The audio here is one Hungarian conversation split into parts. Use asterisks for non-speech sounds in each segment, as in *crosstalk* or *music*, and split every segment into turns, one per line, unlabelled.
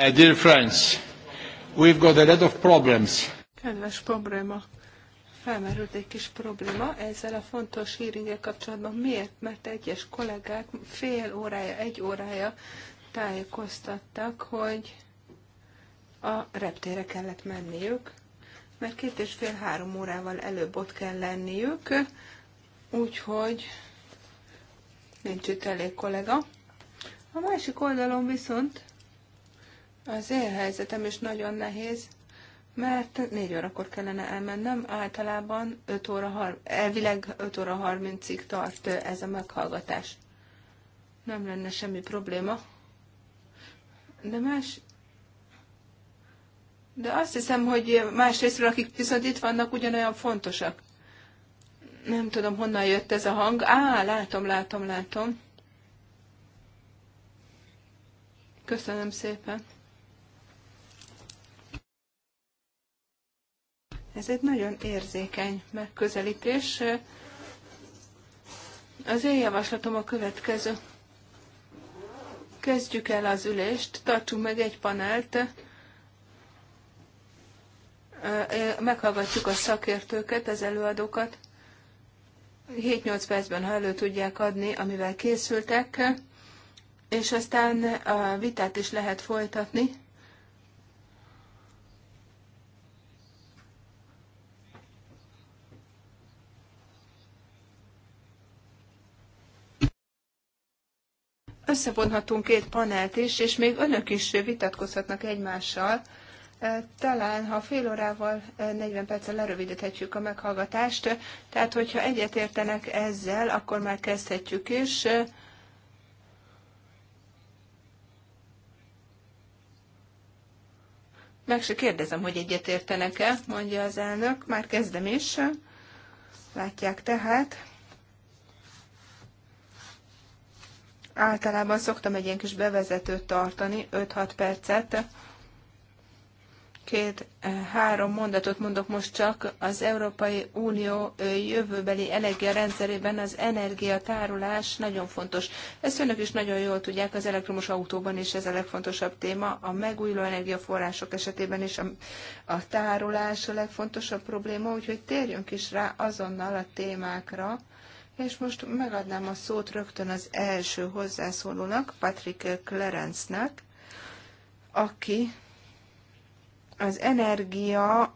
Uh, dear friends, we've got a lot of problems. Kedves probléma. Felmerült egy kis probléma ezzel a fontos híringel kapcsolatban. Miért? Mert egyes kollégák fél órája, egy órája tájékoztattak, hogy a reptére kellett menniük, mert két és fél-három órával előbb ott kell lenniük, úgyhogy nincs itt elég kollega. A másik oldalon viszont az én helyzetem is nagyon nehéz, mert 4 órakor kellene elmennem, általában 5 óra, elvileg 5 óra 30-ig tart ez a meghallgatás. Nem lenne semmi probléma. De más... De azt hiszem, hogy másrésztről, akik viszont itt vannak, ugyanolyan fontosak. Nem tudom, honnan jött ez a hang. Á, látom, látom, látom. Köszönöm szépen. Ez egy nagyon érzékeny megközelítés. Az én javaslatom a következő. Kezdjük el az ülést, tartsunk meg egy panelt, meghallgatjuk a szakértőket, az előadókat. 7-8 percben, ha elő tudják adni, amivel készültek, és aztán a vitát is lehet folytatni összevonhatunk két panelt is, és még önök is vitatkozhatnak egymással. Talán, ha fél órával, 40 perccel lerövidíthetjük a meghallgatást, tehát hogyha egyetértenek ezzel, akkor már kezdhetjük is. Meg se kérdezem, hogy egyetértenek-e, mondja az elnök, már kezdem is. Látják tehát. általában szoktam egy ilyen kis bevezetőt tartani, 5-6 percet. Két-három eh, mondatot mondok most csak. Az Európai Unió eh, jövőbeli energiarendszerében az energiatárolás nagyon fontos. Ezt önök is nagyon jól tudják, az elektromos autóban is ez a legfontosabb téma. A megújuló energiaforrások esetében is a, a tárolás a legfontosabb probléma, úgyhogy térjünk is rá azonnal a témákra és most megadnám a szót rögtön az első hozzászólónak, Patrick Clarence-nek, aki az energia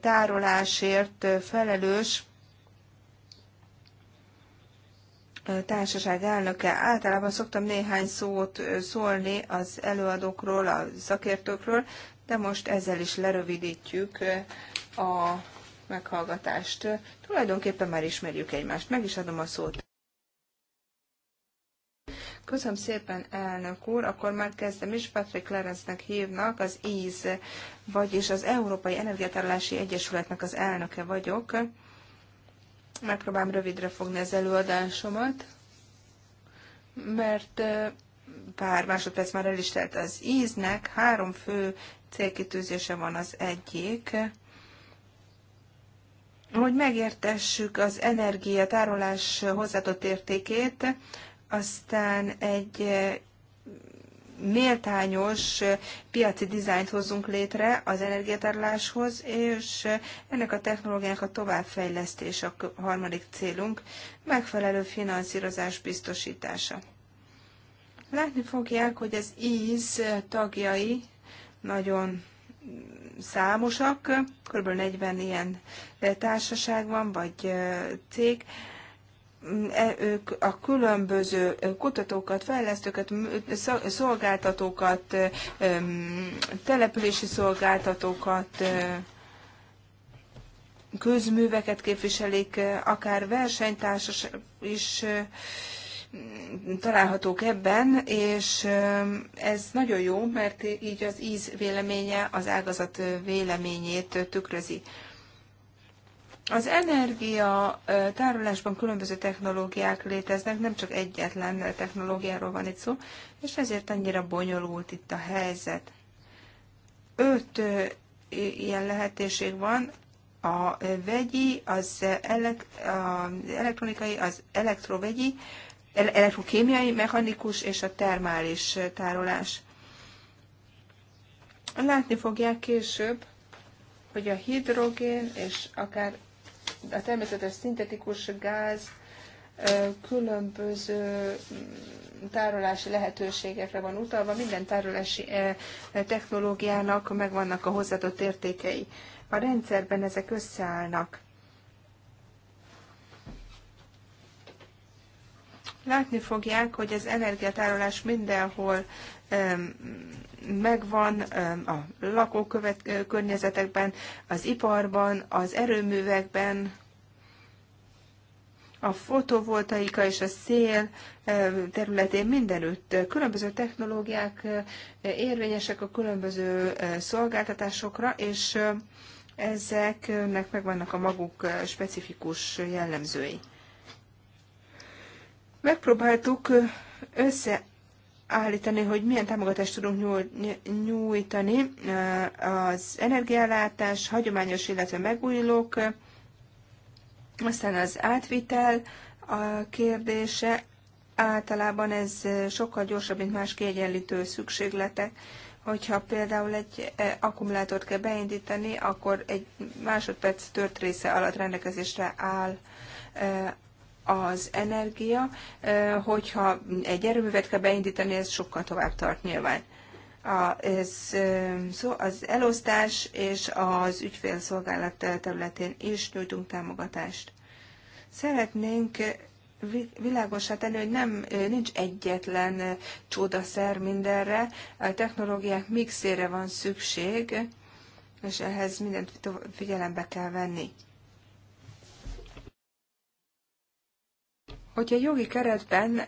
tárolásért felelős társaság elnöke. Általában szoktam néhány szót szólni az előadókról, a szakértőkről, de most ezzel is lerövidítjük a meghallgatást. Tulajdonképpen már ismerjük egymást. Meg is adom a szót. Köszönöm szépen, elnök úr. Akkor már kezdem is. Patrick Lorenznek hívnak, az íz, vagyis az Európai Energiatárolási Egyesületnek az elnöke vagyok. Megpróbálom rövidre fogni az előadásomat, mert pár másodperc már el is telt az íznek. Három fő célkitűzése van az egyik hogy megértessük az energiatárolás hozzáadott értékét, aztán egy eh, méltányos eh, piaci dizájnt hozzunk létre az energiatárláshoz, és eh, ennek a technológiának a továbbfejlesztése a harmadik célunk, megfelelő finanszírozás biztosítása. Látni fogják, hogy az íz tagjai nagyon számosak, kb. 40 ilyen e, társaság van, vagy e, cég, mm, e, ők a különböző kutatókat, fejlesztőket, szolgáltatókat, települési szolgáltatókat, közműveket képviselik, akár versenytársas is találhatók ebben, és ez nagyon jó, mert így az íz véleménye az ágazat véleményét tükrözi. Az energia tárolásban különböző technológiák léteznek, nem csak egyetlen technológiáról van itt szó, és ezért annyira bonyolult itt a helyzet. Öt ilyen lehetőség van, a vegyi, az, elek, az elektronikai, az elektrovegyi, elektrokémiai, mechanikus és a termális tárolás. Látni fogják később, hogy a hidrogén és akár a természetes szintetikus gáz különböző mm, tárolási lehetőségekre van utalva, minden tárolási technológiának megvannak a hozzáadott értékei. A rendszerben ezek összeállnak. Látni fogják, hogy az energiatárolás mindenhol megvan a lakókövet környezetekben, az iparban, az erőművekben, a fotovoltaika és a szél területén mindenütt különböző technológiák érvényesek a különböző szolgáltatásokra, és ezeknek megvannak a maguk specifikus jellemzői. Megpróbáltuk összeállítani, hogy milyen támogatást tudunk nyújtani az energiállátás, hagyományos, illetve megújulók, aztán az átvitel a kérdése, általában ez sokkal gyorsabb, mint más kiegyenlítő szükségletek. Hogyha például egy akkumulátort kell beindítani, akkor egy másodperc tört része alatt rendelkezésre áll az energia, hogyha egy erőművet kell beindítani, ez sokkal tovább tart nyilván. A, ez, szó, az elosztás és az ügyfélszolgálat területén is nyújtunk támogatást. Szeretnénk világosá tenni, hogy nem, nincs egyetlen csodaszer mindenre, a technológiák mixére van szükség, és ehhez mindent figyelembe kell venni. hogyha jogi keretben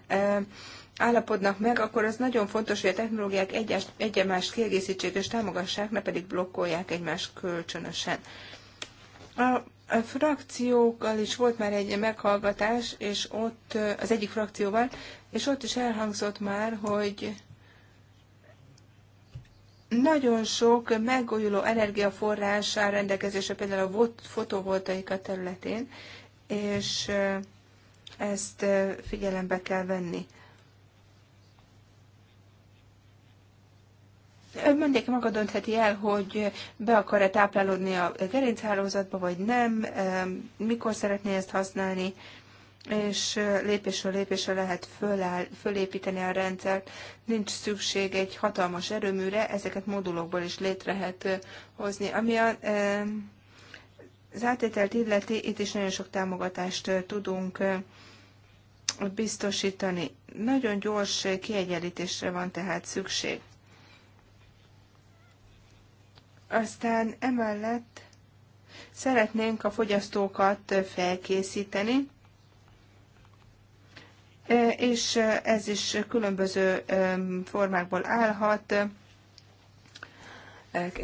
állapodnak meg, akkor az nagyon fontos, hogy a technológiák egyes, egyemást kiegészítsék és támogassák, ne pedig blokkolják egymást kölcsönösen. A a frakciókkal is volt már egy meghallgatás, és ott az egyik frakcióval, és ott is elhangzott már, hogy nagyon sok megújuló energiaforrás áll rendelkezésre, például a fotovoltaika területén, és ezt figyelembe kell venni. Mindenki maga döntheti el, hogy be akar-e táplálódni a gerinchálózatba, vagy nem, mikor szeretné ezt használni, és lépésről lépésre lehet föláll, fölépíteni a rendszert. Nincs szükség egy hatalmas erőműre, ezeket modulokból is létre lehet hozni. Ami a az átételt illeti, itt is nagyon sok támogatást tudunk biztosítani. Nagyon gyors kiegyenlítésre van tehát szükség. Aztán emellett szeretnénk a fogyasztókat felkészíteni, és ez is különböző formákból állhat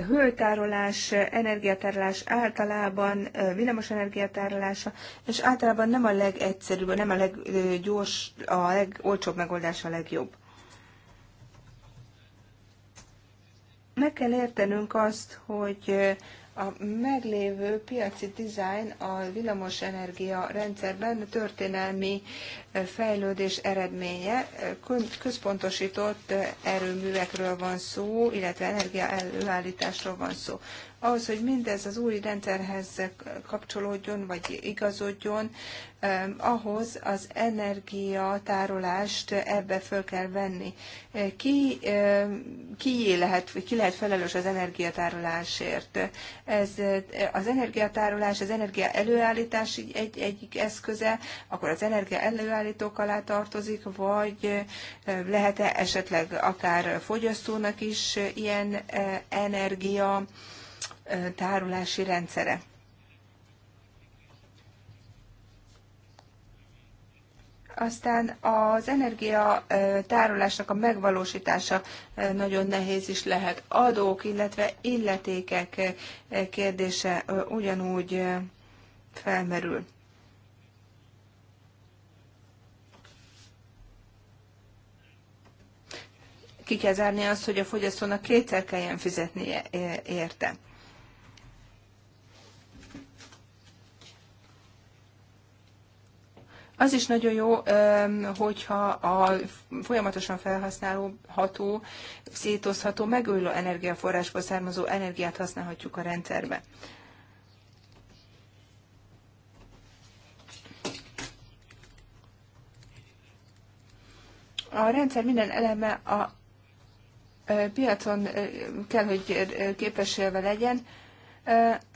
hőtárolás, energiatárolás általában, villamos energiatárolása, és általában nem a legegyszerűbb, nem a leggyors, a legolcsóbb megoldás a legjobb. Meg kell értenünk azt, hogy a meglévő piaci dizájn a villamosenergia rendszerben történelmi eh, fejlődés eredménye. Eh, központosított eh, erőművekről van szó, illetve energiaelőállításról van szó ahhoz, hogy mindez az új rendszerhez kapcsolódjon, vagy igazodjon, ahhoz az energiatárolást ebbe föl kell venni. Ki, ki, lehet, ki lehet felelős az energiatárolásért? Ez, az energiatárolás, az energia előállítás egy, egyik eszköze, akkor az energia előállítók alá tartozik, vagy lehet-e esetleg akár fogyasztónak is ilyen energia tárolási rendszere. Aztán az energia tárolásnak a megvalósítása nagyon nehéz is lehet. Adók, illetve illetékek kérdése ugyanúgy felmerül. Ki kell zárni azt, hogy a fogyasztónak kétszer kelljen fizetnie érte. Az is nagyon jó, hogyha a folyamatosan felhasználható, szétozható, megújuló energiaforrásból származó energiát használhatjuk a rendszerbe. A rendszer minden eleme a piacon kell, hogy képesélve legyen.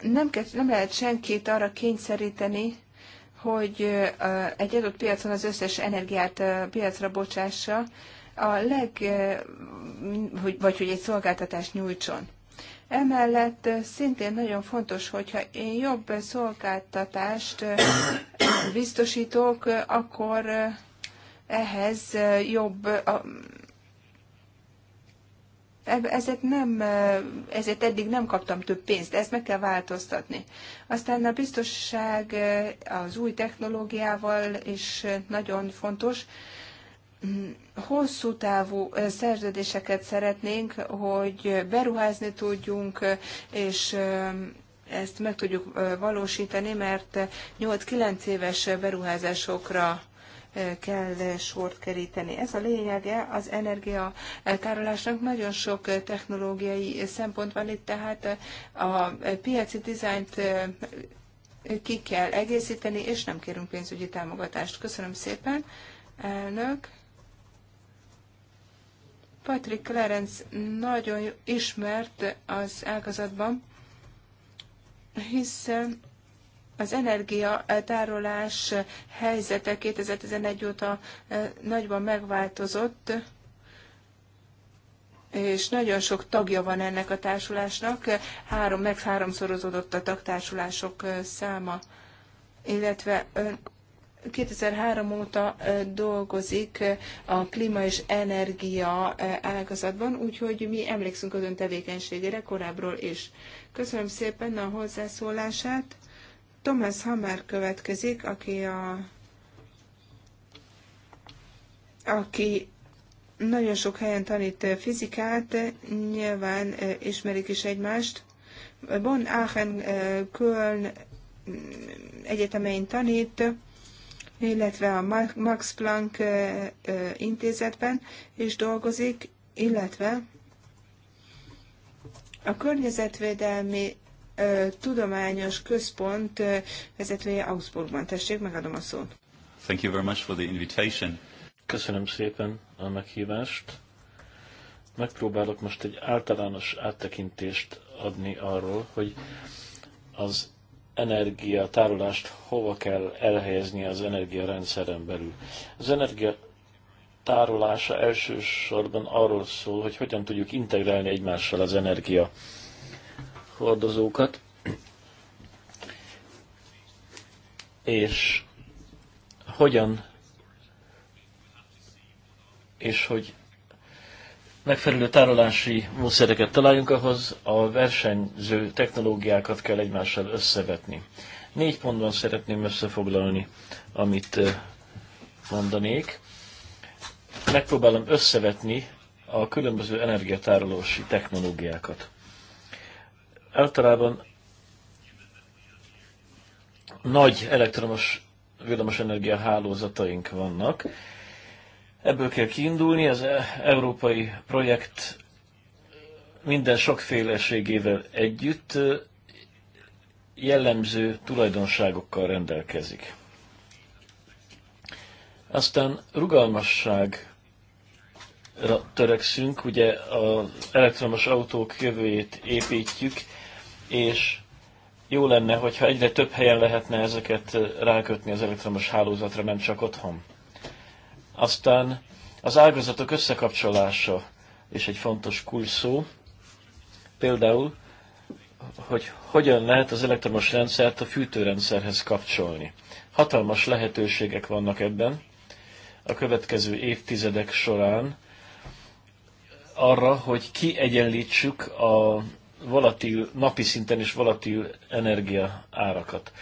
Nem, kell, nem lehet senkit arra kényszeríteni, hogy egy adott piacon az összes energiát piacra bocsássa, a leg, hogy, vagy hogy egy szolgáltatást nyújtson. Emellett szintén nagyon fontos, hogyha én jobb szolgáltatást biztosítok, akkor ehhez jobb ezért, nem, ezért eddig nem kaptam több pénzt, ezt meg kell változtatni. Aztán a biztonság az új technológiával is nagyon fontos. Mm, hosszú távú szerződéseket szeretnénk, hogy beruházni tudjunk, és ezt meg tudjuk valósítani, mert 8-9 éves beruházásokra kell sort keríteni. Ez a lényege az energiatárolásnak. Nagyon sok technológiai szempont van itt, tehát a piaci dizájnt eh, ki kell egészíteni, és nem kérünk pénzügyi támogatást. Köszönöm szépen, elnök. Patrick Clarence nagyon ismert az ágazatban, hiszen az energiatárolás eh, helyzete 2011 óta eh, nagyban megváltozott, és nagyon sok tagja van ennek a társulásnak, három, meg háromszorozódott a tagtársulások eh, száma, illetve 2003 óta dolgozik a klíma és energia ágazatban, úgyhogy mi emlékszünk az ön tevékenységére korábbról is. Köszönöm szépen a hozzászólását. Thomas Hammer következik, aki a aki nagyon sok helyen tanít fizikát, nyilván eh, ismerik is egymást. Bon Aachen, eh, Köln mm, egyetemein tanít, illetve a Max Planck eh, intézetben is dolgozik, illetve a környezetvédelmi Tudományos Központ vezetője Augsburgban. Tessék, megadom a szót.
Thank you very much for the invitation. Köszönöm szépen a meghívást. Megpróbálok most egy általános áttekintést adni arról, hogy az energia tárolást hova kell elhelyezni az energiarendszeren belül. Az energia tárolása elsősorban arról szól, hogy hogyan tudjuk integrálni egymással az energia hordozókat, és hogyan és hogy megfelelő tárolási módszereket találjunk, ahhoz a versenyző technológiákat kell egymással összevetni. Négy pontban szeretném összefoglalni, amit eh, mondanék. Megpróbálom összevetni a különböző energiatárolási technológiákat. Általában nagy elektromos villamosenergia hálózataink vannak. Ebből kell kiindulni, az e- európai projekt minden sokféleségével együtt jellemző tulajdonságokkal rendelkezik. Aztán rugalmasságra törekszünk, ugye az elektromos autók jövőjét építjük, és jó lenne, hogyha egyre több helyen lehetne ezeket rákötni az elektromos hálózatra, nem csak otthon. Aztán az ágazatok összekapcsolása is egy fontos kulszó. Például, hogy hogyan lehet az elektromos rendszert a fűtőrendszerhez kapcsolni. Hatalmas lehetőségek vannak ebben a következő évtizedek során arra, hogy kiegyenlítsük a volatil, napi szinten is volatil energia árakat.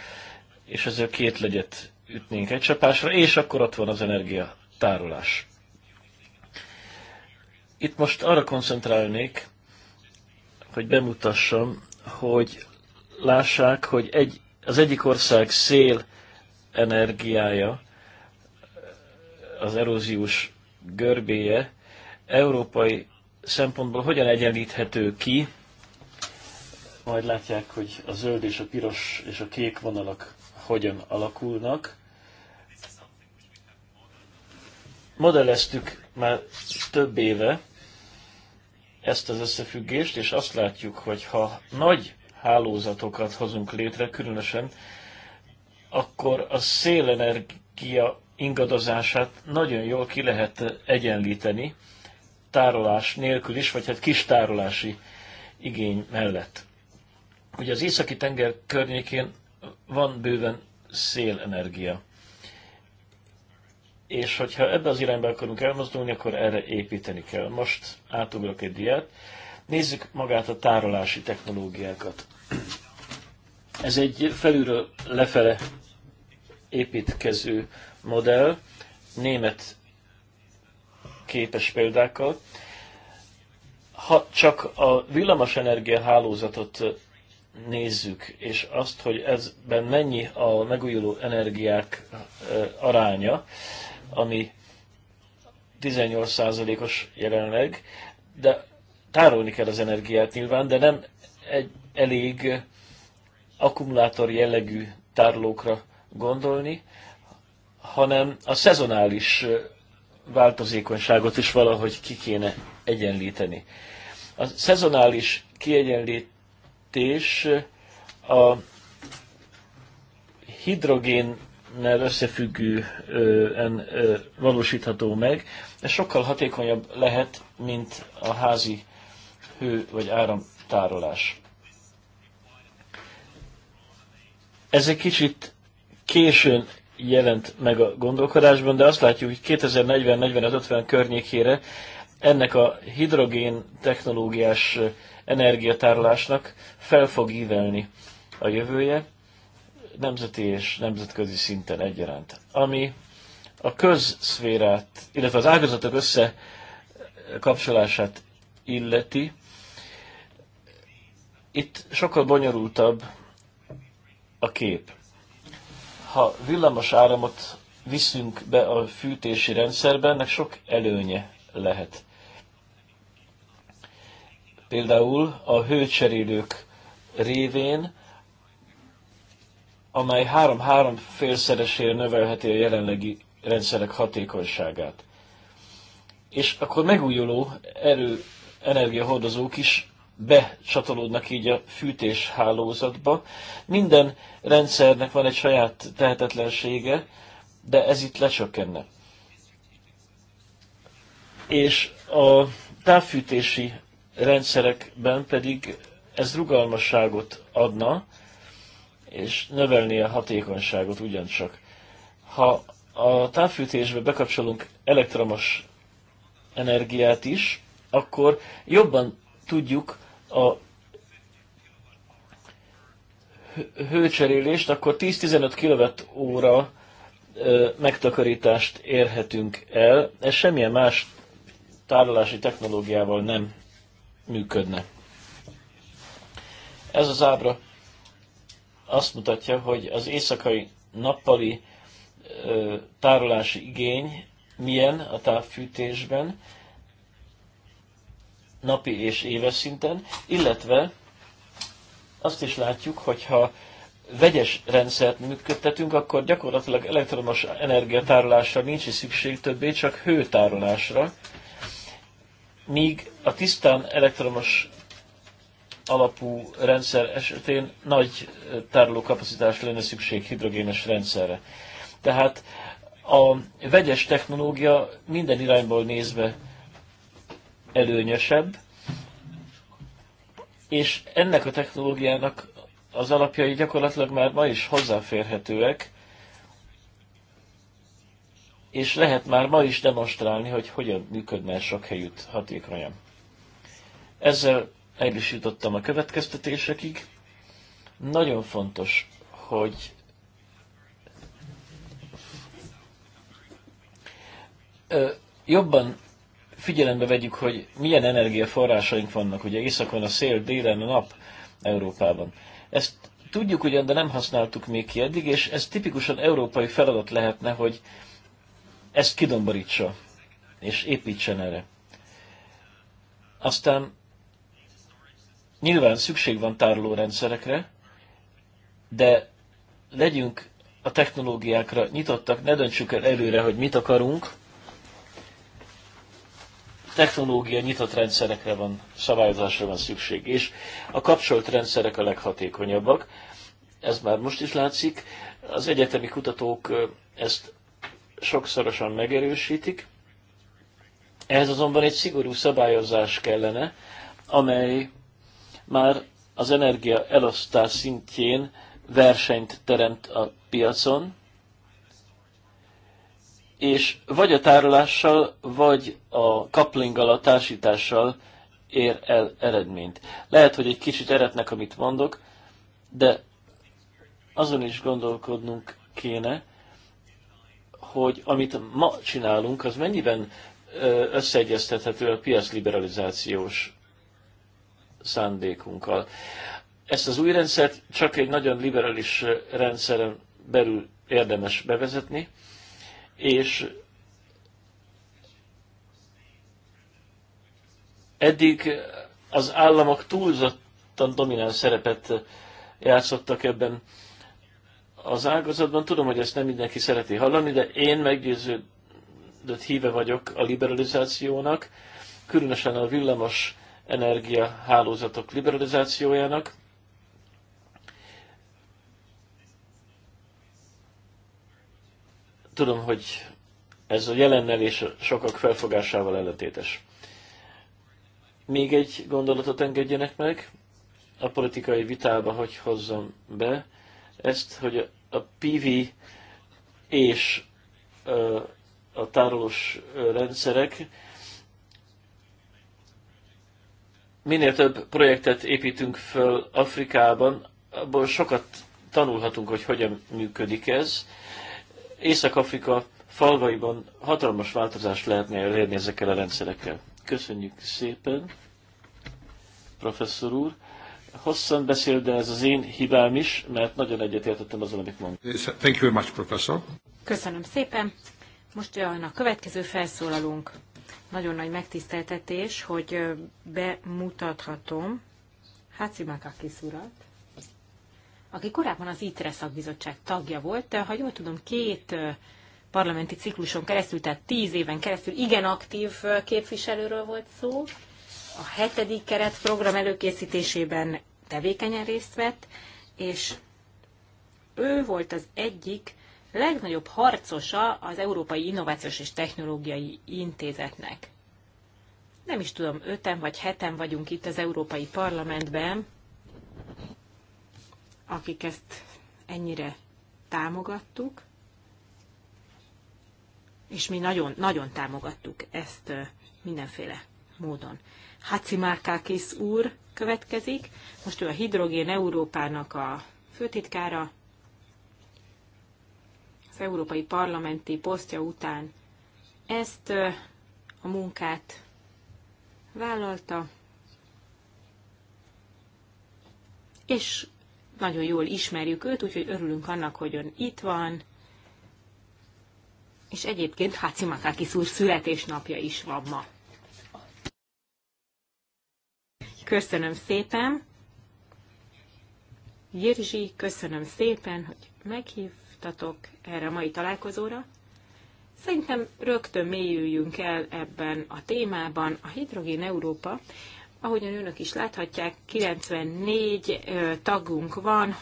És ezzel két legyet ütnénk egy csapásra, és akkor ott van az energia tárolás. Itt most arra koncentrálnék, hogy bemutassam, hogy lássák, hogy egy, az egyik ország szél energiája, az eróziós görbéje európai szempontból hogyan egyenlíthető ki majd látják, hogy a zöld és a piros és a kék vonalak hogyan alakulnak. Modelleztük már több éve ezt az összefüggést, és azt látjuk, hogy ha nagy hálózatokat hozunk létre, különösen, akkor a szélenergia ingadozását nagyon jól ki lehet egyenlíteni, tárolás nélkül is, vagy hát kis tárolási igény mellett. Ugye az északi tenger környékén van bőven szélenergia. És hogyha ebbe az irányba akarunk elmozdulni, akkor erre építeni kell. Most átugrok egy diát. Nézzük magát a tárolási technológiákat. Ez egy felülről lefele építkező modell, német képes példákkal. Ha csak a villamos energiahálózatot nézzük, és azt, hogy ezben mennyi a megújuló energiák aránya, ami 18%-os jelenleg, de tárolni kell az energiát nyilván, de nem egy elég akkumulátor jellegű tárolókra gondolni, hanem a szezonális változékonyságot is valahogy ki kéne egyenlíteni. A szezonális kiegyenlít jelentés a hidrogénnel összefüggően valósítható meg. Ez sokkal hatékonyabb lehet, mint a házi hő vagy áramtárolás. Ez egy kicsit későn jelent meg a gondolkodásban, de azt látjuk, hogy 2040-45-50 környékére ennek a hidrogén technológiás energiatárolásnak fel fog ívelni a jövője, nemzeti és nemzetközi szinten egyaránt. Ami a közszférát, illetve az ágazatok összekapcsolását illeti, itt sokkal bonyolultabb a kép. Ha villamos áramot viszünk be a fűtési rendszerbe, ennek sok előnye lehet például a hőcserélők révén, amely három-három félszeresére növelheti a jelenlegi rendszerek hatékonyságát. És akkor megújuló erő energiahordozók is becsatolódnak így a fűtés hálózatba. Minden rendszernek van egy saját tehetetlensége, de ez itt lecsökkenne. És a távfűtési rendszerekben pedig ez rugalmasságot adna, és növelné a hatékonyságot ugyancsak. Ha a távfűtésbe bekapcsolunk elektromos energiát is, akkor jobban tudjuk a hőcserélést, akkor 10-15 kWh megtakarítást érhetünk el. Ez semmilyen más tárolási technológiával nem működne. Ez az ábra azt mutatja, hogy az éjszakai nappali ö, tárolási igény milyen a távfűtésben, napi és éves szinten, illetve azt is látjuk, hogyha vegyes rendszert működtetünk, akkor gyakorlatilag elektromos energiatárolásra nincs is szükség többé, csak hőtárolásra míg a tisztán elektromos alapú rendszer esetén nagy tárolókapacitás lenne szükség hidrogénes rendszerre. Tehát a vegyes technológia minden irányból nézve előnyösebb, és ennek a technológiának az alapjai gyakorlatilag már ma is hozzáférhetőek, és lehet már ma is demonstrálni, hogy hogyan működne sok helyütt hatékonyan. Ezzel el is jutottam a következtetésekig. Nagyon fontos, hogy jobban figyelembe vegyük, hogy milyen energiaforrásaink vannak. Ugye északon a szél, délen a nap Európában. Ezt tudjuk ugyan, de nem használtuk még ki eddig, és ez tipikusan európai feladat lehetne, hogy ezt kidomborítsa, és építsen erre. Aztán nyilván szükség van rendszerekre, de legyünk a technológiákra nyitottak, ne döntsük el előre, hogy mit akarunk. Technológia nyitott rendszerekre van, szabályozásra van szükség, és a kapcsolt rendszerek a leghatékonyabbak. Ez már most is látszik. Az egyetemi kutatók ezt sokszorosan megerősítik. Ehhez azonban egy szigorú szabályozás kellene, amely már az energia elosztás szintjén versenyt teremt a piacon, és vagy a tárolással, vagy a kaplinggal a társítással ér el eredményt. Lehet, hogy egy kicsit eretnek, amit mondok, de azon is gondolkodnunk kéne, hogy amit ma csinálunk, az mennyiben összeegyeztethető a piac liberalizációs szándékunkkal. Ezt az új rendszert csak egy nagyon liberális rendszeren belül érdemes bevezetni, és eddig az államok túlzottan domináns szerepet játszottak ebben az ágazatban. Tudom, hogy ezt nem mindenki szereti hallani, de én meggyőződött híve vagyok a liberalizációnak, különösen a villamos energia hálózatok liberalizációjának. Tudom, hogy ez a jelennel és sokak felfogásával ellentétes. Még egy gondolatot engedjenek meg a politikai vitába, hogy hozzam be ezt, hogy a PV és a tárolós rendszerek minél több projektet építünk föl Afrikában, abból sokat tanulhatunk, hogy hogyan működik ez. Észak-Afrika falvaiban hatalmas változást lehetne elérni ezekkel a rendszerekkel. Köszönjük szépen, professzor úr. Hosszan beszél, de ez az én hibám is, mert nagyon egyetértettem azzal, amit mondott.
Thank you very much, professor. Köszönöm szépen. Most jön eh, a következő felszólalunk. Nagyon nagy megtiszteltetés, hogy eh, bemutathatom Hatsimakakis urat, aki korábban az ITRE szakbizottság tagja volt, de ha jól tudom, két eh, parlamenti cikluson keresztül, tehát tíz éven keresztül igen aktív képviselőről volt szó, a hetedik keretprogram előkészítésében tevékenyen részt vett, és ő volt az egyik legnagyobb harcosa az Európai Innovációs és Technológiai Intézetnek. Nem is tudom, öten vagy heten vagyunk itt az Európai Parlamentben, akik ezt ennyire támogattuk, és mi nagyon, nagyon támogattuk ezt mindenféle módon. Hacimarkakis úr következik. Most ő a Hidrogén Európának a főtitkára. Az Európai Parlamenti posztja után ezt a munkát vállalta, és nagyon jól ismerjük őt, úgyhogy örülünk annak, hogy ön itt van, és egyébként Hácimakákis úr születésnapja is van ma. Köszönöm szépen. Jirzsi, köszönöm szépen, hogy meghívtatok erre a mai találkozóra. Szerintem rögtön mélyüljünk el ebben a témában. A Hidrogén Európa, ahogyan önök is láthatják, 94 tagunk van,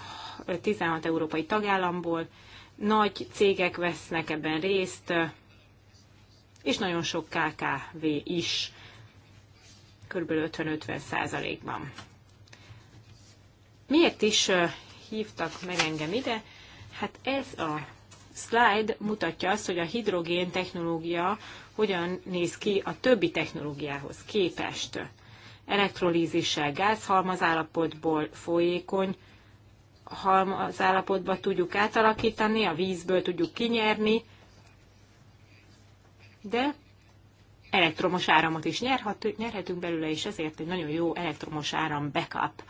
16 európai tagállamból, nagy cégek vesznek ebben részt, és nagyon sok KKV is kb. 50-50 százalékban. Miért is hívtak meg engem ide? Hát ez a slide mutatja azt, hogy a hidrogén technológia hogyan néz ki a többi technológiához képest. Elektrolízissel gázhalmazállapotból folyékony halmazállapotba tudjuk átalakítani, a vízből tudjuk kinyerni, de elektromos áramot is nyerhat, nyerhetünk belőle, és ezért egy nagyon jó elektromos áram backup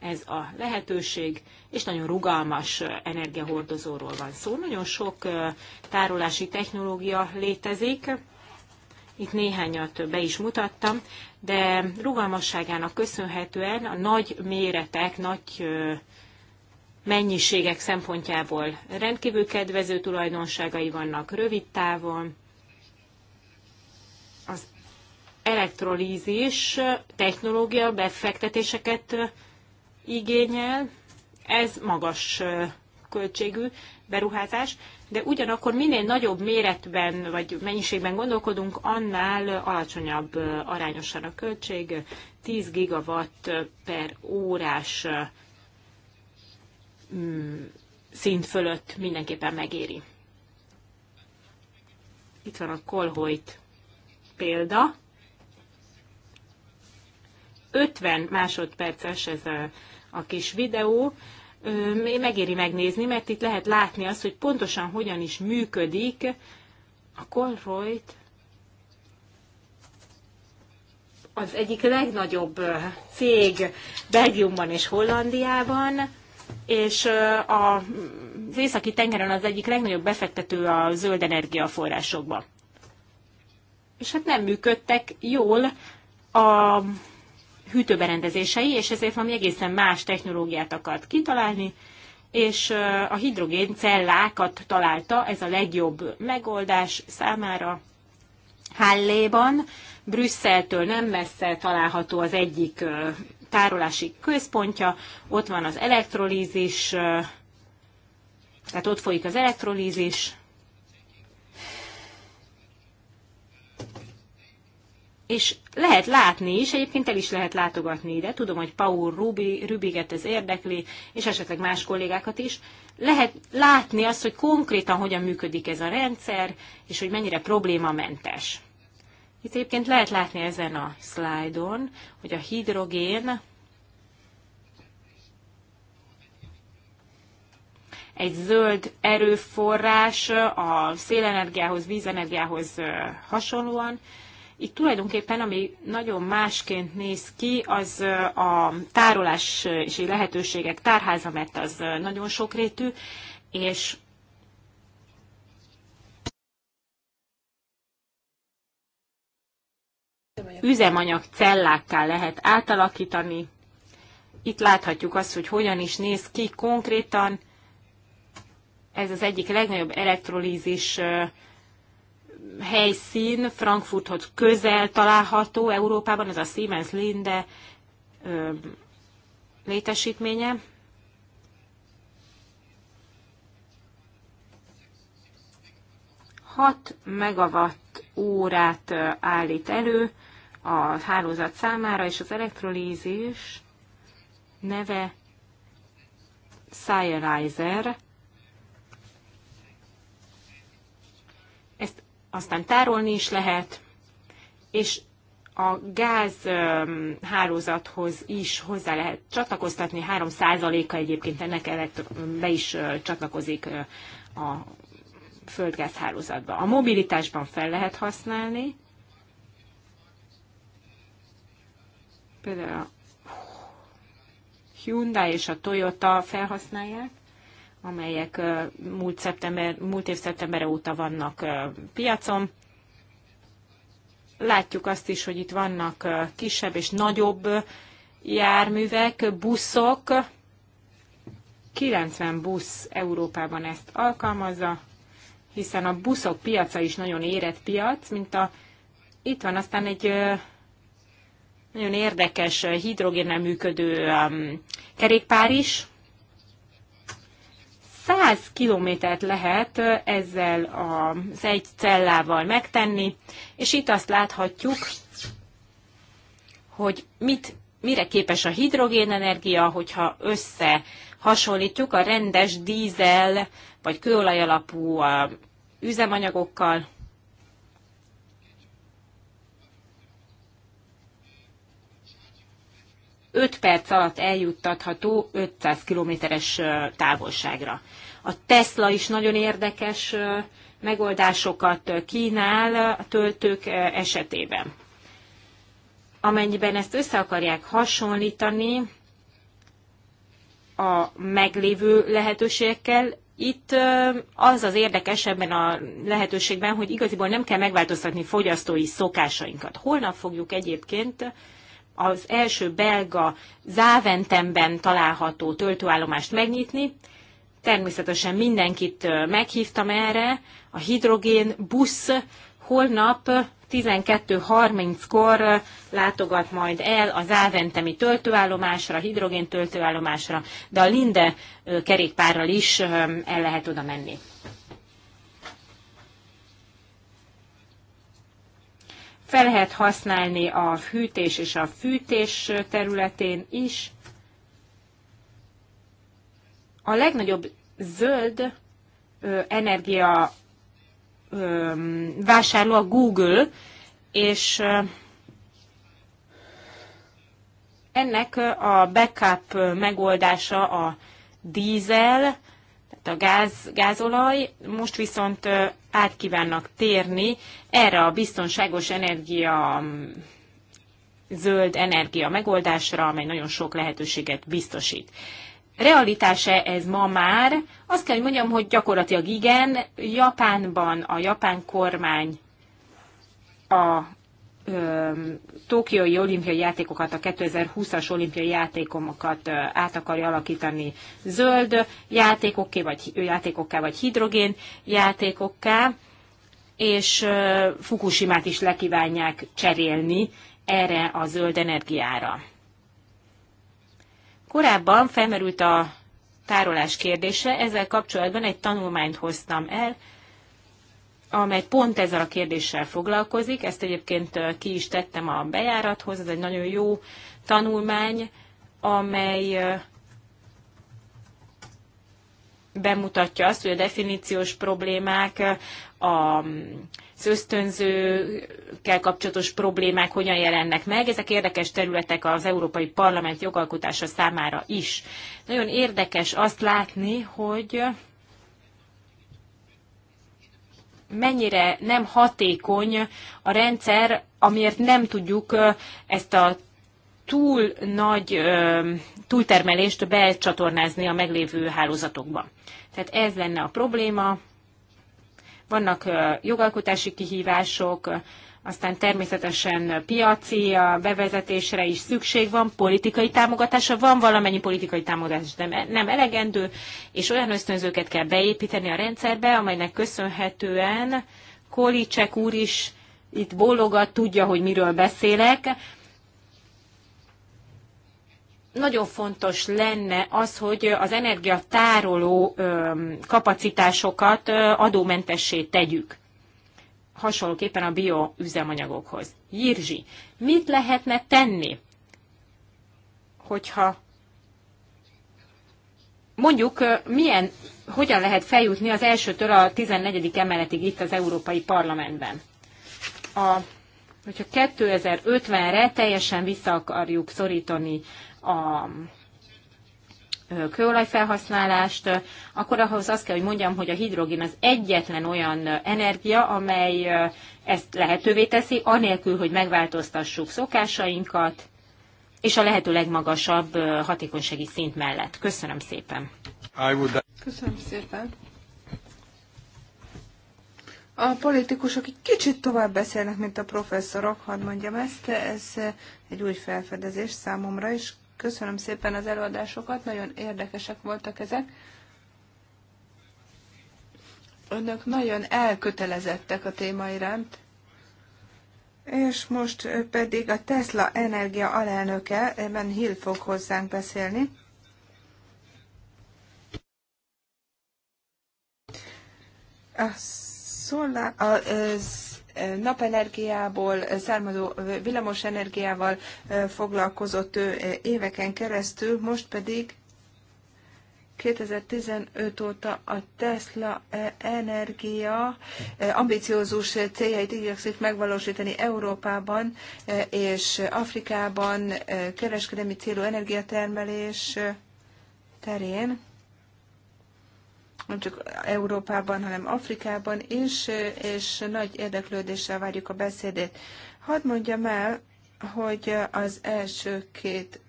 ez a lehetőség, és nagyon rugalmas energiahordozóról van szó. Nagyon sok tárolási technológia létezik, itt néhányat be is mutattam, de rugalmasságának köszönhetően a nagy méretek, nagy mennyiségek szempontjából rendkívül kedvező tulajdonságai vannak rövid távon, elektrolízis technológia befektetéseket igényel, ez magas költségű beruházás, de ugyanakkor minél nagyobb méretben vagy mennyiségben gondolkodunk, annál alacsonyabb arányosan a költség, 10 gigawatt per órás mm, szint fölött mindenképpen megéri. Itt van a Kolhoit példa. 50 másodperces ez a, a kis videó, megéri megnézni, mert itt lehet látni azt, hogy pontosan hogyan is működik a Colroyd az egyik legnagyobb cég Belgiumban és Hollandiában, és az északi tengeren az egyik legnagyobb befektető a zöld energiaforrásokba. És hát nem működtek jól a hűtőberendezései, és ezért valami egészen más technológiát akart kitalálni, és a hidrogén cellákat találta, ez a legjobb megoldás számára. Halléban, Brüsszeltől nem messze található az egyik tárolási központja, ott van az elektrolízis, tehát ott folyik az elektrolízis, és lehet látni is, egyébként el is lehet látogatni ide, tudom, hogy Paul Rubi, Rubiget ez érdekli, és esetleg más kollégákat is. Lehet látni azt, hogy konkrétan hogyan működik ez a rendszer, és hogy mennyire problémamentes. Itt egyébként lehet látni ezen a szlájdon, hogy a hidrogén egy zöld erőforrás a szélenergiához, vízenergiához hasonlóan, itt tulajdonképpen, ami nagyon másként néz ki, az a tárolási lehetőségek tárháza, mert az nagyon sokrétű, és üzemanyag cellákká lehet átalakítani. Itt láthatjuk azt, hogy hogyan is néz ki konkrétan. Ez az egyik legnagyobb elektrolízis helyszín Frankfurthoz közel található Európában, ez a Siemens Linde ö, létesítménye. Hat megawatt órát állít elő a hálózat számára, és az elektrolízis neve Scierizer aztán tárolni is lehet, és a gáz hálózathoz is hozzá lehet csatlakoztatni, 3%-a egyébként ennek be is csatlakozik a földgáz hálózatba. A mobilitásban fel lehet használni, például a Hyundai és a Toyota felhasználják, amelyek múlt, szeptember, múlt év szeptember óta vannak piacon. Látjuk azt is, hogy itt vannak kisebb és nagyobb járművek, buszok. 90 busz Európában ezt alkalmazza, hiszen a buszok piaca is nagyon érett piac, mint a itt van aztán egy nagyon érdekes hidrogénnel működő kerékpár is, 100 kilométert lehet ezzel az egy cellával megtenni, és itt azt láthatjuk, hogy mit, mire képes a hidrogénenergia, hogyha összehasonlítjuk a rendes dízel vagy kőolaj alapú üzemanyagokkal. 5 perc alatt eljuttatható 500 kilométeres távolságra. A Tesla is nagyon érdekes megoldásokat kínál a töltők esetében. Amennyiben ezt össze akarják hasonlítani a meglévő lehetőségekkel, itt az az érdekes ebben a lehetőségben, hogy igaziból nem kell megváltoztatni fogyasztói szokásainkat. Holnap fogjuk egyébként az első belga Záventemben található töltőállomást megnyitni. Természetesen mindenkit meghívtam erre. A hidrogén busz holnap 12.30-kor látogat majd el az Áventemi töltőállomásra, hidrogén töltőállomásra, de a Linde kerékpárral is el lehet oda menni. fel lehet használni a hűtés és a fűtés területén is. A legnagyobb zöld ö, energia ö, vásárló a Google, és ö, ennek a backup megoldása a dízel, tehát a gáz, gázolaj, most viszont át kívánnak térni erre a biztonságos energia, mm, zöld energia megoldásra, amely nagyon sok lehetőséget biztosít. Realitása ez ma már? Azt kell, hogy mondjam, hogy gyakorlatilag igen, Japánban a japán kormány a Tokiói olimpiai játékokat, a 2020-as olimpiai játékomokat át akarja alakítani zöld játékokké, vagy játékokká, vagy hidrogén játékokká, és Fukushimát is lekívánják cserélni erre a zöld energiára. Korábban felmerült a tárolás kérdése, ezzel kapcsolatban egy tanulmányt hoztam el, amely pont ezzel a kérdéssel foglalkozik. Ezt egyébként ki is tettem a bejárathoz, ez egy nagyon jó tanulmány, amely bemutatja azt, hogy a definíciós problémák, a ösztönzőkkel kapcsolatos problémák hogyan jelennek meg. Ezek érdekes területek az Európai Parlament jogalkotása számára is. Nagyon érdekes azt látni, hogy mennyire nem hatékony a rendszer, amiért nem tudjuk ezt a túl nagy túltermelést becsatornázni a meglévő hálózatokba. Tehát ez lenne a probléma. Vannak jogalkotási kihívások, aztán természetesen piaci bevezetésre is szükség van, politikai támogatásra van valamennyi politikai támogatás, de nem elegendő, és olyan ösztönzőket kell beépíteni a rendszerbe, amelynek köszönhetően Kolicek úr is itt bólogat, tudja, hogy miről beszélek. Nagyon fontos lenne az, hogy az energiatároló kapacitásokat adómentessé tegyük hasonlóképpen a bioüzemanyagokhoz. Jirzsi, mit lehetne tenni, hogyha mondjuk milyen, hogyan lehet feljutni az elsőtől a 14. emeletig itt az Európai Parlamentben? A, hogyha 2050-re teljesen vissza akarjuk szorítani a felhasználást, akkor ahhoz azt kell, hogy mondjam, hogy a hidrogén az egyetlen olyan energia, amely ezt lehetővé teszi, anélkül, hogy megváltoztassuk szokásainkat, és a lehető legmagasabb hatékonysági szint mellett. Köszönöm szépen!
Köszönöm szépen! A politikusok egy kicsit tovább beszélnek, mint a professzorok, hadd mondjam ezt, ez egy új felfedezés számomra, is. Köszönöm szépen az előadásokat, nagyon érdekesek voltak ezek. Önök nagyon elkötelezettek a téma iránt. És most pedig a Tesla Energia alelnöke, Ben Hill fog hozzánk beszélni. A, szolá, a, a napenergiából származó villamos energiával foglalkozott éveken keresztül, most pedig 2015 óta a Tesla energia ambiciózus céljait igyekszik megvalósítani Európában és Afrikában kereskedelmi célú energiatermelés terén nem csak Európában, hanem Afrikában is, és nagy érdeklődéssel várjuk a beszédét. Hadd mondjam el, hogy az első két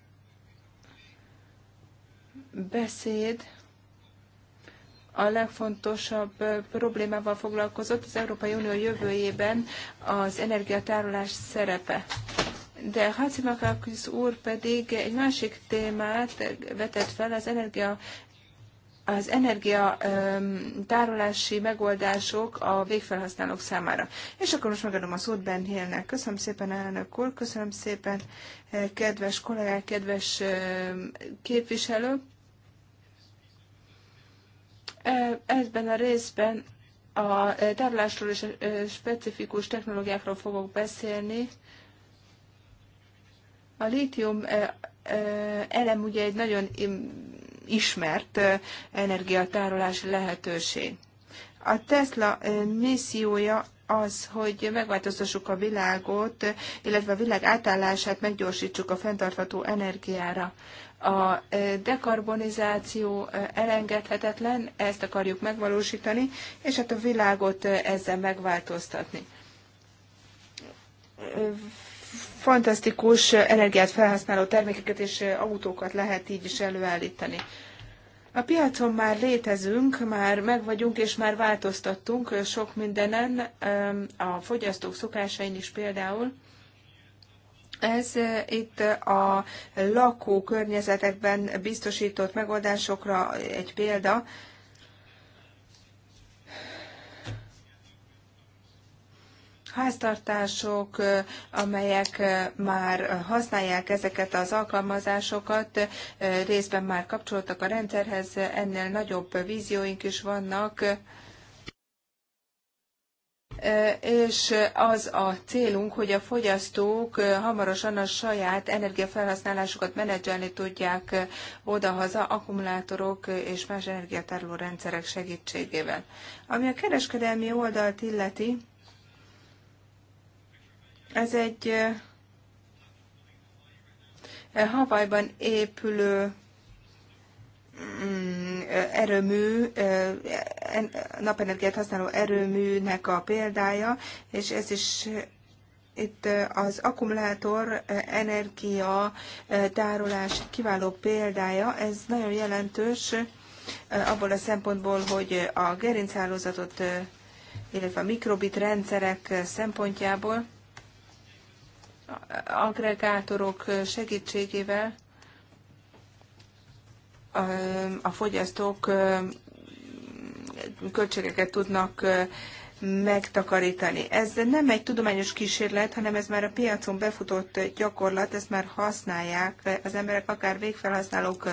beszéd a legfontosabb problémával foglalkozott az Európai Unió jövőjében az energiatárolás szerepe. De Hacimakakis úr pedig egy másik témát vetett fel, az energia az energia tárolási megoldások a végfelhasználók számára. És akkor most megadom a szót Ben Hillnek. Köszönöm szépen, elnök úr, köszönöm szépen, eh, kedves kollégák, kedves képviselő. Ebben eh, a részben a eh, tárolásról és a specifikus technológiákról fogok beszélni. A lítium elem ugye egy nagyon ismert energiatárolási lehetőség. A Tesla missziója az, hogy megváltoztassuk a világot, illetve a világ átállását meggyorsítsuk a fenntartható energiára. A dekarbonizáció elengedhetetlen, ezt akarjuk megvalósítani, és hát a világot ezzel megváltoztatni fantasztikus energiát felhasználó termékeket és autókat lehet így is előállítani. A piacon már létezünk, már megvagyunk és már változtattunk sok mindenen, a fogyasztók szokásain is például. Ez itt a lakó környezetekben biztosított megoldásokra egy példa, háztartások, amelyek már használják ezeket az alkalmazásokat, részben már kapcsoltak a rendszerhez, ennél nagyobb vízióink is vannak, és az a célunk, hogy a fogyasztók hamarosan a saját energiafelhasználásukat menedzselni tudják odahaza akkumulátorok és más energiatároló rendszerek segítségével. Ami a kereskedelmi oldalt illeti, ez egy Havajban épülő mm, erőmű, napenergiát használó erőműnek a példája, és ez is itt az akkumulátor energia tárolás kiváló példája, ez nagyon jelentős abból a szempontból, hogy a gerinchálózatot, illetve a mikrobit rendszerek szempontjából agregátorok segítségével a fogyasztók költségeket tudnak megtakarítani. Ez nem egy tudományos kísérlet, hanem ez már a piacon befutott gyakorlat, ezt már használják az emberek, akár végfelhasználók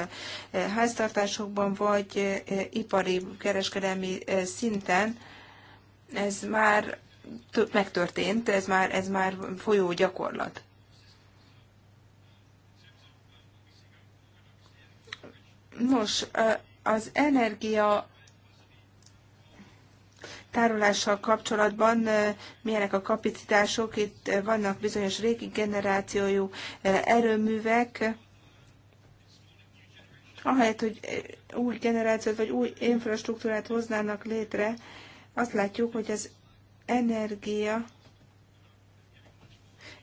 háztartásokban, vagy ipari, kereskedelmi szinten. Ez már megtörtént, ez már, ez már folyó gyakorlat. Nos, az energia tárolással kapcsolatban milyenek a kapacitások. Itt vannak bizonyos régi generációjú erőművek, ahelyett, hogy új generációt vagy új infrastruktúrát hoznának létre, azt látjuk, hogy az energia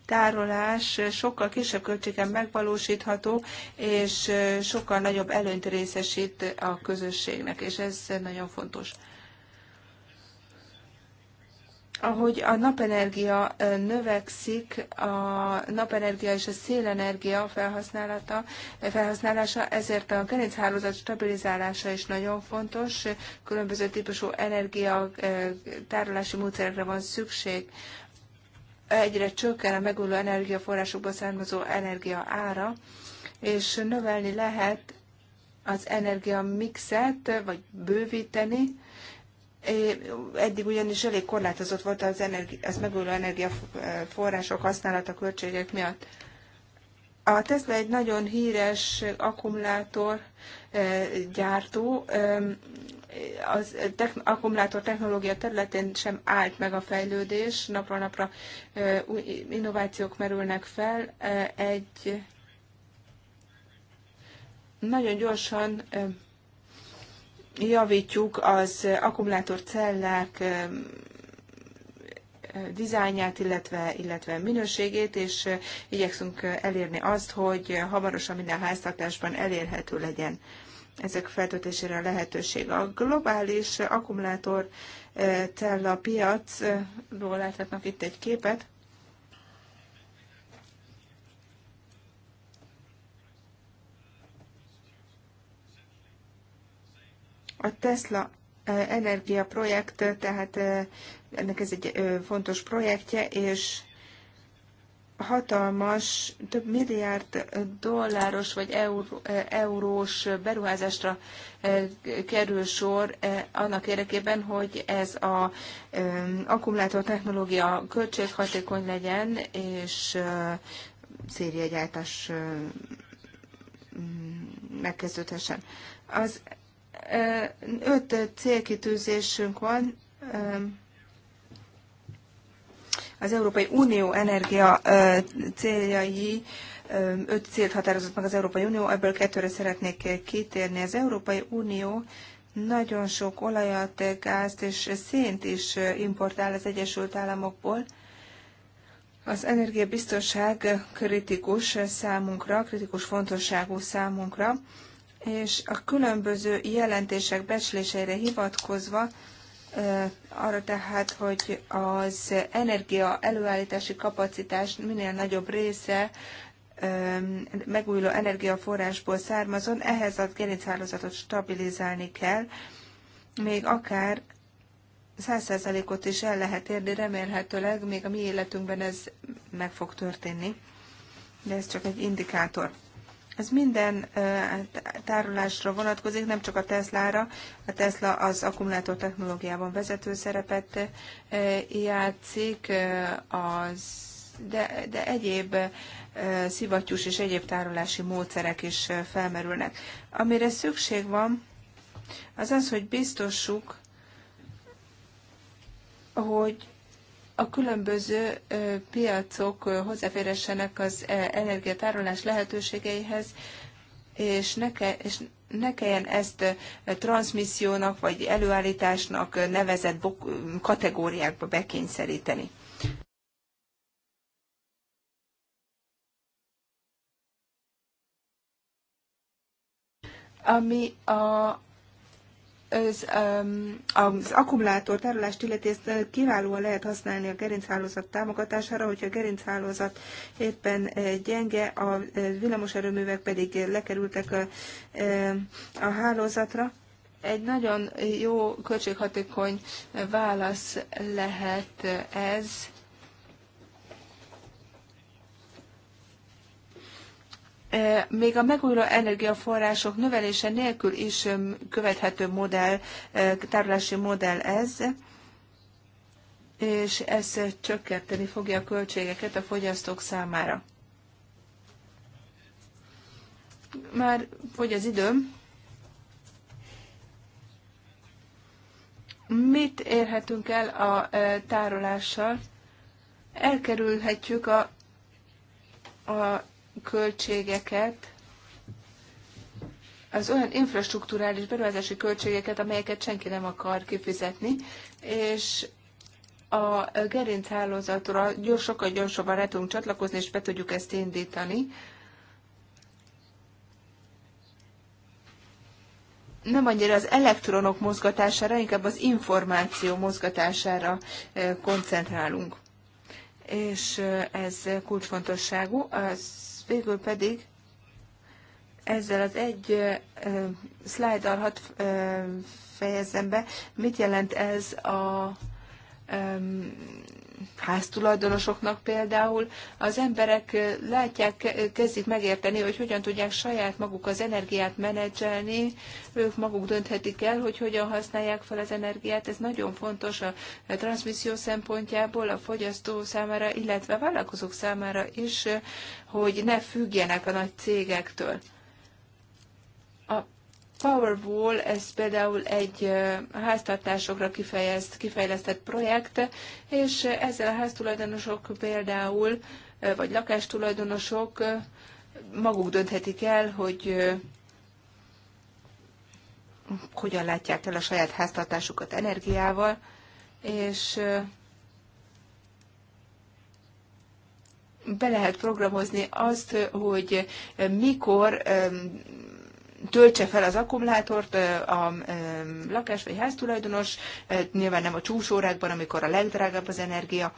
tárolás sokkal kisebb költségen megvalósítható, és sokkal nagyobb előnyt részesít a közösségnek, és ez nagyon fontos ahogy a napenergia növekszik, a napenergia és a szélenergia felhasználata, felhasználása, ezért a gerinchálózat stabilizálása is nagyon fontos. Különböző típusú energia tárolási módszerekre van szükség. Egyre csökken a megújuló energiaforrásokból származó energia ára, és növelni lehet az energia mixet, vagy bővíteni, Eddig ugyanis elég korlátozott volt az, energi, az megújuló energiaforrások használata költségek miatt. A Tesla egy nagyon híres akkumulátor e, gyártó, e, az akkumulátor technológia területén sem állt meg a fejlődés, napra napra e, új innovációk merülnek fel. Egy nagyon gyorsan javítjuk az akkumulátorcellák dizájnját, illetve, illetve minőségét, és igyekszünk elérni azt, hogy hamarosan minden háztartásban elérhető legyen ezek feltöltésére a lehetőség. A globális akkumulátor cella piacról láthatnak itt egy képet. A Tesla Energia projekt, tehát ennek ez egy fontos projektje, és hatalmas, több milliárd dolláros vagy euró, eurós beruházásra kerül sor annak érdekében, hogy ez a akkumulátor technológia költséghatékony legyen, és szériagyártás megkezdődhessen. Az Öt célkitűzésünk van az Európai Unió energia céljai öt célt határozott meg az Európai Unió, ebből kettőre szeretnék kitérni. Az Európai Unió nagyon sok olajat, gázt és szént is importál az Egyesült Államokból. Az energiabiztonság kritikus számunkra, kritikus fontosságú számunkra és a különböző jelentések becsléseire hivatkozva arra tehát, hogy az energia előállítási kapacitás minél nagyobb része megújuló energiaforrásból származon, ehhez a gerinchálózatot stabilizálni kell, még akár 100%-ot is el lehet érni, remélhetőleg még a mi életünkben ez meg fog történni, de ez csak egy indikátor. Ez minden tárolásra vonatkozik, nem csak a Teslára. A Tesla az akkumulátor technológiában vezető szerepet játszik, az, de, de egyéb szivattyús és egyéb tárolási módszerek is felmerülnek. Amire szükség van, az az, hogy biztosuk, hogy a különböző piacok hozzáférhessenek az energiatárolás lehetőségeihez, és ne, ke, és ne kelljen ezt transmissziónak vagy előállításnak nevezett kategóriákba bekényszeríteni. Ami a az, az akkumulátor tárolást illeti, ezt eh, kiválóan lehet használni a gerinchálózat támogatására, hogyha a gerinchálózat éppen eh, gyenge, a eh, villamoserőművek pedig lekerültek a, a hálózatra. Egy nagyon jó, költséghatékony válasz lehet ez még a megújuló energiaforrások növelése nélkül is követhető modell, tárolási modell ez, és ez csökkenteni fogja a költségeket a fogyasztók számára. Már fogy az időm. Mit érhetünk el a tárolással? Elkerülhetjük a, a költségeket, az olyan infrastruktúrális beruházási költségeket, amelyeket senki nem akar kifizetni, és a gerinchálózatra gyors, sokkal gyorsabban le tudunk csatlakozni, és be tudjuk ezt indítani. Nem annyira az elektronok mozgatására, inkább az információ mozgatására eh, koncentrálunk. És eh, ez kulcsfontosságú. Az végül pedig ezzel az egy uh, szlájddal hat uh, fejezem be, mit jelent ez a um, háztulajdonosoknak például, az emberek látják, kezdik megérteni, hogy hogyan tudják saját maguk az energiát menedzselni, ők maguk dönthetik el, hogy hogyan használják fel az energiát. Ez nagyon fontos a transmisszió szempontjából, a fogyasztó számára, illetve a vállalkozók számára is, hogy ne függjenek a nagy cégektől. A Powerwall, ez például egy háztartásokra kifejezt, kifejlesztett projekt, és ezzel a háztulajdonosok például, vagy lakástulajdonosok maguk dönthetik el, hogy hogyan látják el a saját háztartásukat energiával, és be lehet programozni azt, hogy mikor töltse fel az akkumulátort a lakás vagy háztulajdonos, nyilván nem a csúcsórákban, amikor a legdrágább az energia.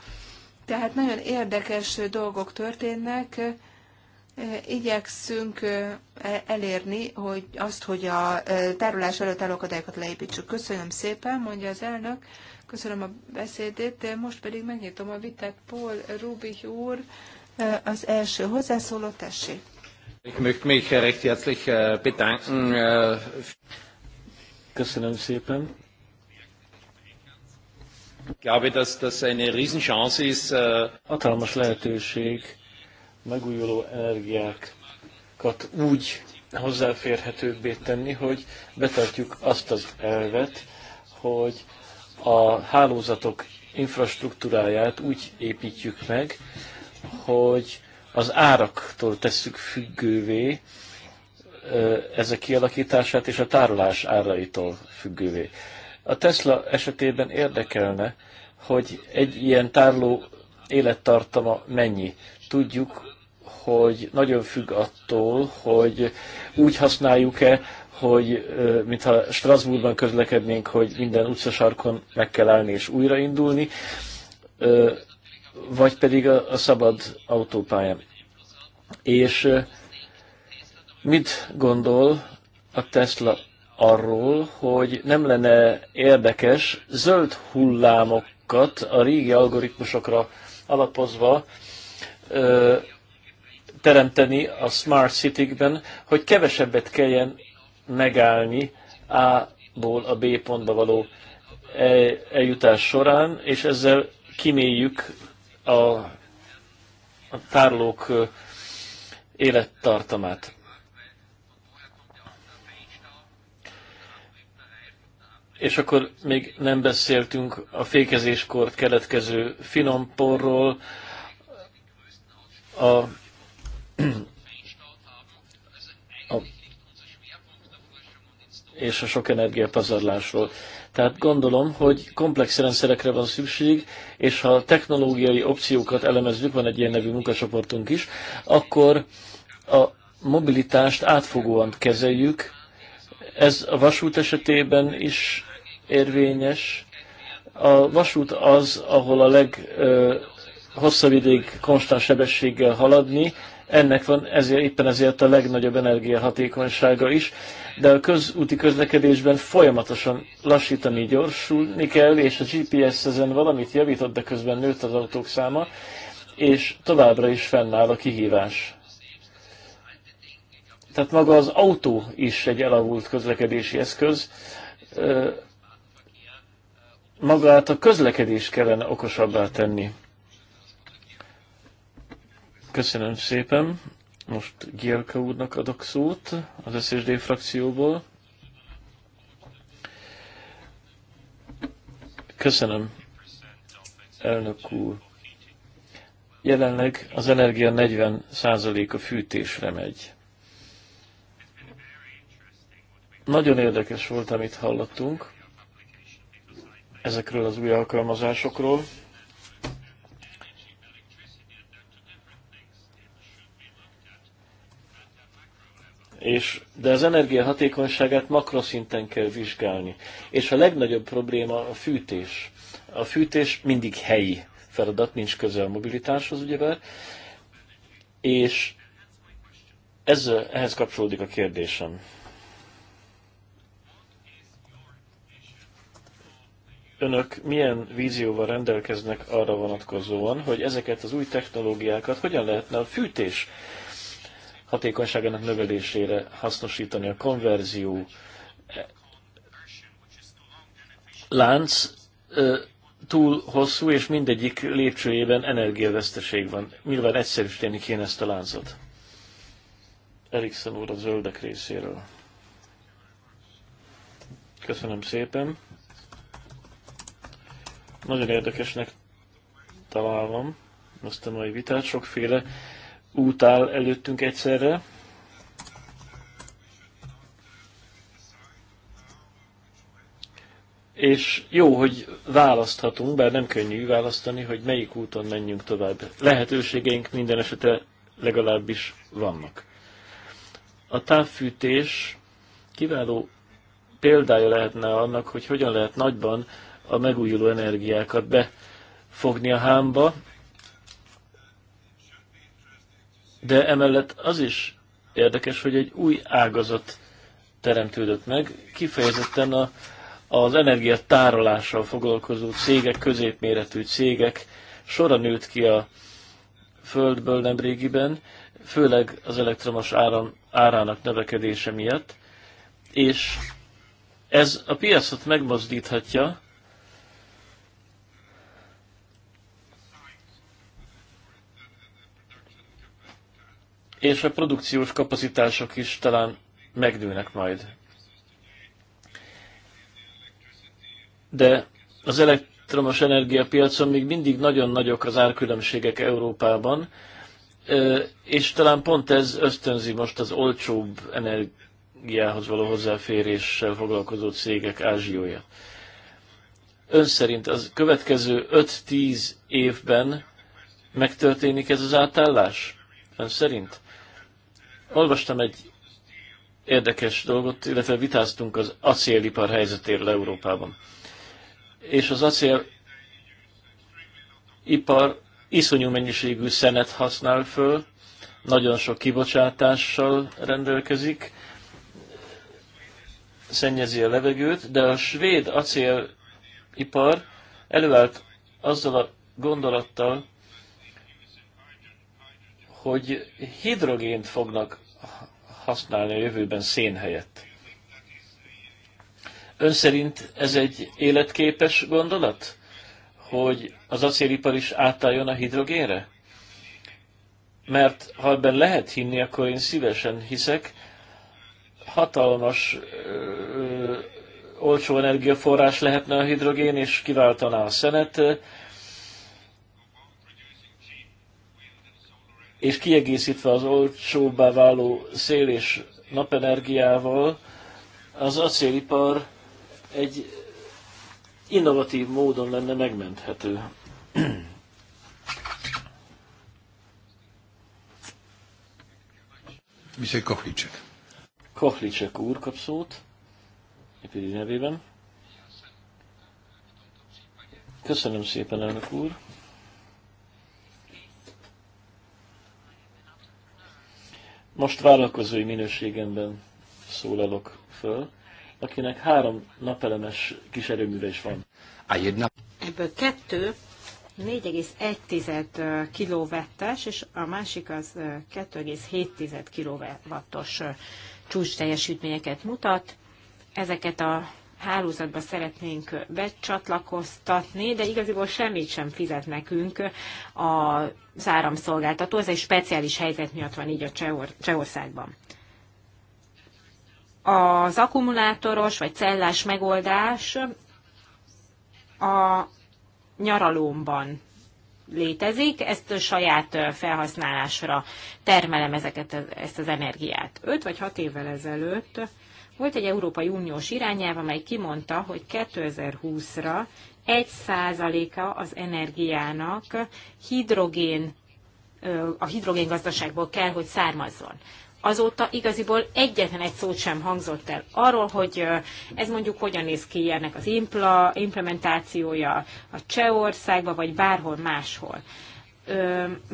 Tehát nagyon érdekes dolgok történnek, igyekszünk e, elérni hogy azt, hogy a tárolás előtt elakadályokat leépítsük. Köszönöm szépen, mondja az elnök. Köszönöm a beszédét, most pedig megnyitom a vitát. Paul Rubik úr, az első hozzászóló, tessék.
Ich möchte mich recht herzlich äh, bedanken. Äh, Köszönöm szépen. Ich glaube, dass das eine Riesenchance ist. Äh, Hatalmas lehetőség megújuló energiákat úgy hozzáférhetőbbé tenni, hogy betartjuk azt az elvet, hogy a hálózatok infrastruktúráját úgy építjük meg, hogy az áraktól tesszük függővé ezek kialakítását, és a tárolás áraitól függővé. A Tesla esetében érdekelne, hogy egy ilyen tárló élettartama mennyi. Tudjuk, hogy nagyon függ attól, hogy úgy használjuk-e, hogy mintha Strasbourgban közlekednénk, hogy minden utcasarkon meg kell állni és újraindulni, vagy pedig a, a szabad autópályán. És mit gondol a Tesla arról, hogy nem lenne érdekes zöld hullámokat a régi algoritmusokra alapozva ö, teremteni a Smart City-ben, hogy kevesebbet kelljen megállni A-ból a B pontba való e-, eljutás során, és ezzel kimélyük a, a tárlók élettartamát. És akkor még nem beszéltünk a fékezéskor keletkező porról, a, a, és a sok energiapazarlásról. Tehát gondolom, hogy komplex rendszerekre van szükség, és ha technológiai opciókat elemezzük, van egy ilyen nevű munkacsoportunk is, akkor a mobilitást átfogóan kezeljük. Ez a vasút esetében is érvényes. A vasút az, ahol a hosszabb ideig konstant sebességgel haladni, ennek van ezért, éppen ezért a legnagyobb energiahatékonysága is, de a közúti közlekedésben folyamatosan lassítani, gyorsulni kell, és a GPS ezen valamit javított, de közben nőtt az autók száma, és továbbra is fennáll a kihívás. Tehát maga az autó is egy elavult közlekedési eszköz, magát a közlekedés kellene okosabbá tenni. Köszönöm szépen. Most Gielka úrnak adok szót az SSD frakcióból. Köszönöm, elnök úr. Jelenleg az energia 40%-a fűtésre megy. Nagyon érdekes volt, amit hallottunk ezekről az új alkalmazásokról. és, de az energia hatékonyságát makroszinten kell vizsgálni. És a legnagyobb probléma a fűtés. A fűtés mindig helyi feladat, nincs közel a mobilitáshoz, ugyebár, és ez, ehhez kapcsolódik a kérdésem. Önök milyen vízióval rendelkeznek arra vonatkozóan, hogy ezeket az új technológiákat hogyan lehetne a fűtés hatékonyságának növelésére hasznosítani. A konverzió lánc túl hosszú, és mindegyik lépcsőjében energiaveszteség van. Nyilván egyszerűsíteni kéne ezt a láncot. Erikson úr a zöldek részéről. Köszönöm szépen. Nagyon érdekesnek találom ezt a mai vitát, sokféle út áll előttünk egyszerre. És jó, hogy választhatunk, bár nem könnyű választani, hogy melyik úton menjünk tovább. Lehetőségeink minden esetre legalábbis vannak. A távfűtés kiváló példája lehetne annak, hogy hogyan lehet nagyban a megújuló energiákat befogni a hámba, De emellett az is érdekes, hogy egy új ágazat teremtődött meg, kifejezetten a, az energiatárolással foglalkozó cégek, középméretű cégek sora nőtt ki a földből nemrégiben, főleg az elektromos áram, árának növekedése miatt, és ez a piacot megmozdíthatja, és a produkciós kapacitások is talán megnőnek majd. De az elektromos energiapiacon még mindig nagyon nagyok az árkülönbségek Európában, és talán pont ez ösztönzi most az olcsóbb energiához való hozzáféréssel foglalkozó cégek ázsiója. Ön szerint az következő 5-10 évben megtörténik ez az átállás? Ön szerint? Olvastam egy érdekes dolgot, illetve vitáztunk az acélipar helyzetéről Európában. És az acélipar iszonyú mennyiségű szenet használ föl, nagyon sok kibocsátással rendelkezik, szennyezi a levegőt, de a svéd acélipar előállt azzal a gondolattal, hogy hidrogént fognak használni a jövőben szén helyett. Ön szerint ez egy életképes gondolat, hogy az acélipar is átálljon a hidrogénre? Mert ha ebben lehet hinni, akkor én szívesen hiszek, hatalmas ö, olcsó energiaforrás lehetne a hidrogén, és kiváltaná a szenet, és kiegészítve az olcsóbbá váló szél és napenergiával, az acélipar egy innovatív módon lenne megmenthető. Viszont Kohlicek. Kohlicek úr kap szót, nevében. Köszönöm szépen, elnök úr. Most vállalkozói minőségemben szólalok föl, akinek három napelemes kis erőműve is van. Ebből kettő
4,1 kilovettes és a másik az 2,7 kilovattos csúcs teljesítményeket mutat. Ezeket a hálózatba szeretnénk becsatlakoztatni, de igaziból semmit sem fizet nekünk a áramszolgáltató. Ez egy speciális helyzet miatt van így a Csehor- Csehországban. Az akkumulátoros vagy cellás megoldás a nyaralomban létezik, ezt saját felhasználásra termelem ezeket, ezt az energiát. 5 vagy 6 évvel ezelőtt volt egy Európai Uniós irányelv, amely kimondta, hogy 2020-ra egy a az energiának hidrogén, a hidrogéngazdaságból kell, hogy származzon azóta igaziból egyetlen egy szót sem hangzott el arról, hogy ez mondjuk hogyan néz ki ennek az impla, implementációja a csehországban vagy bárhol máshol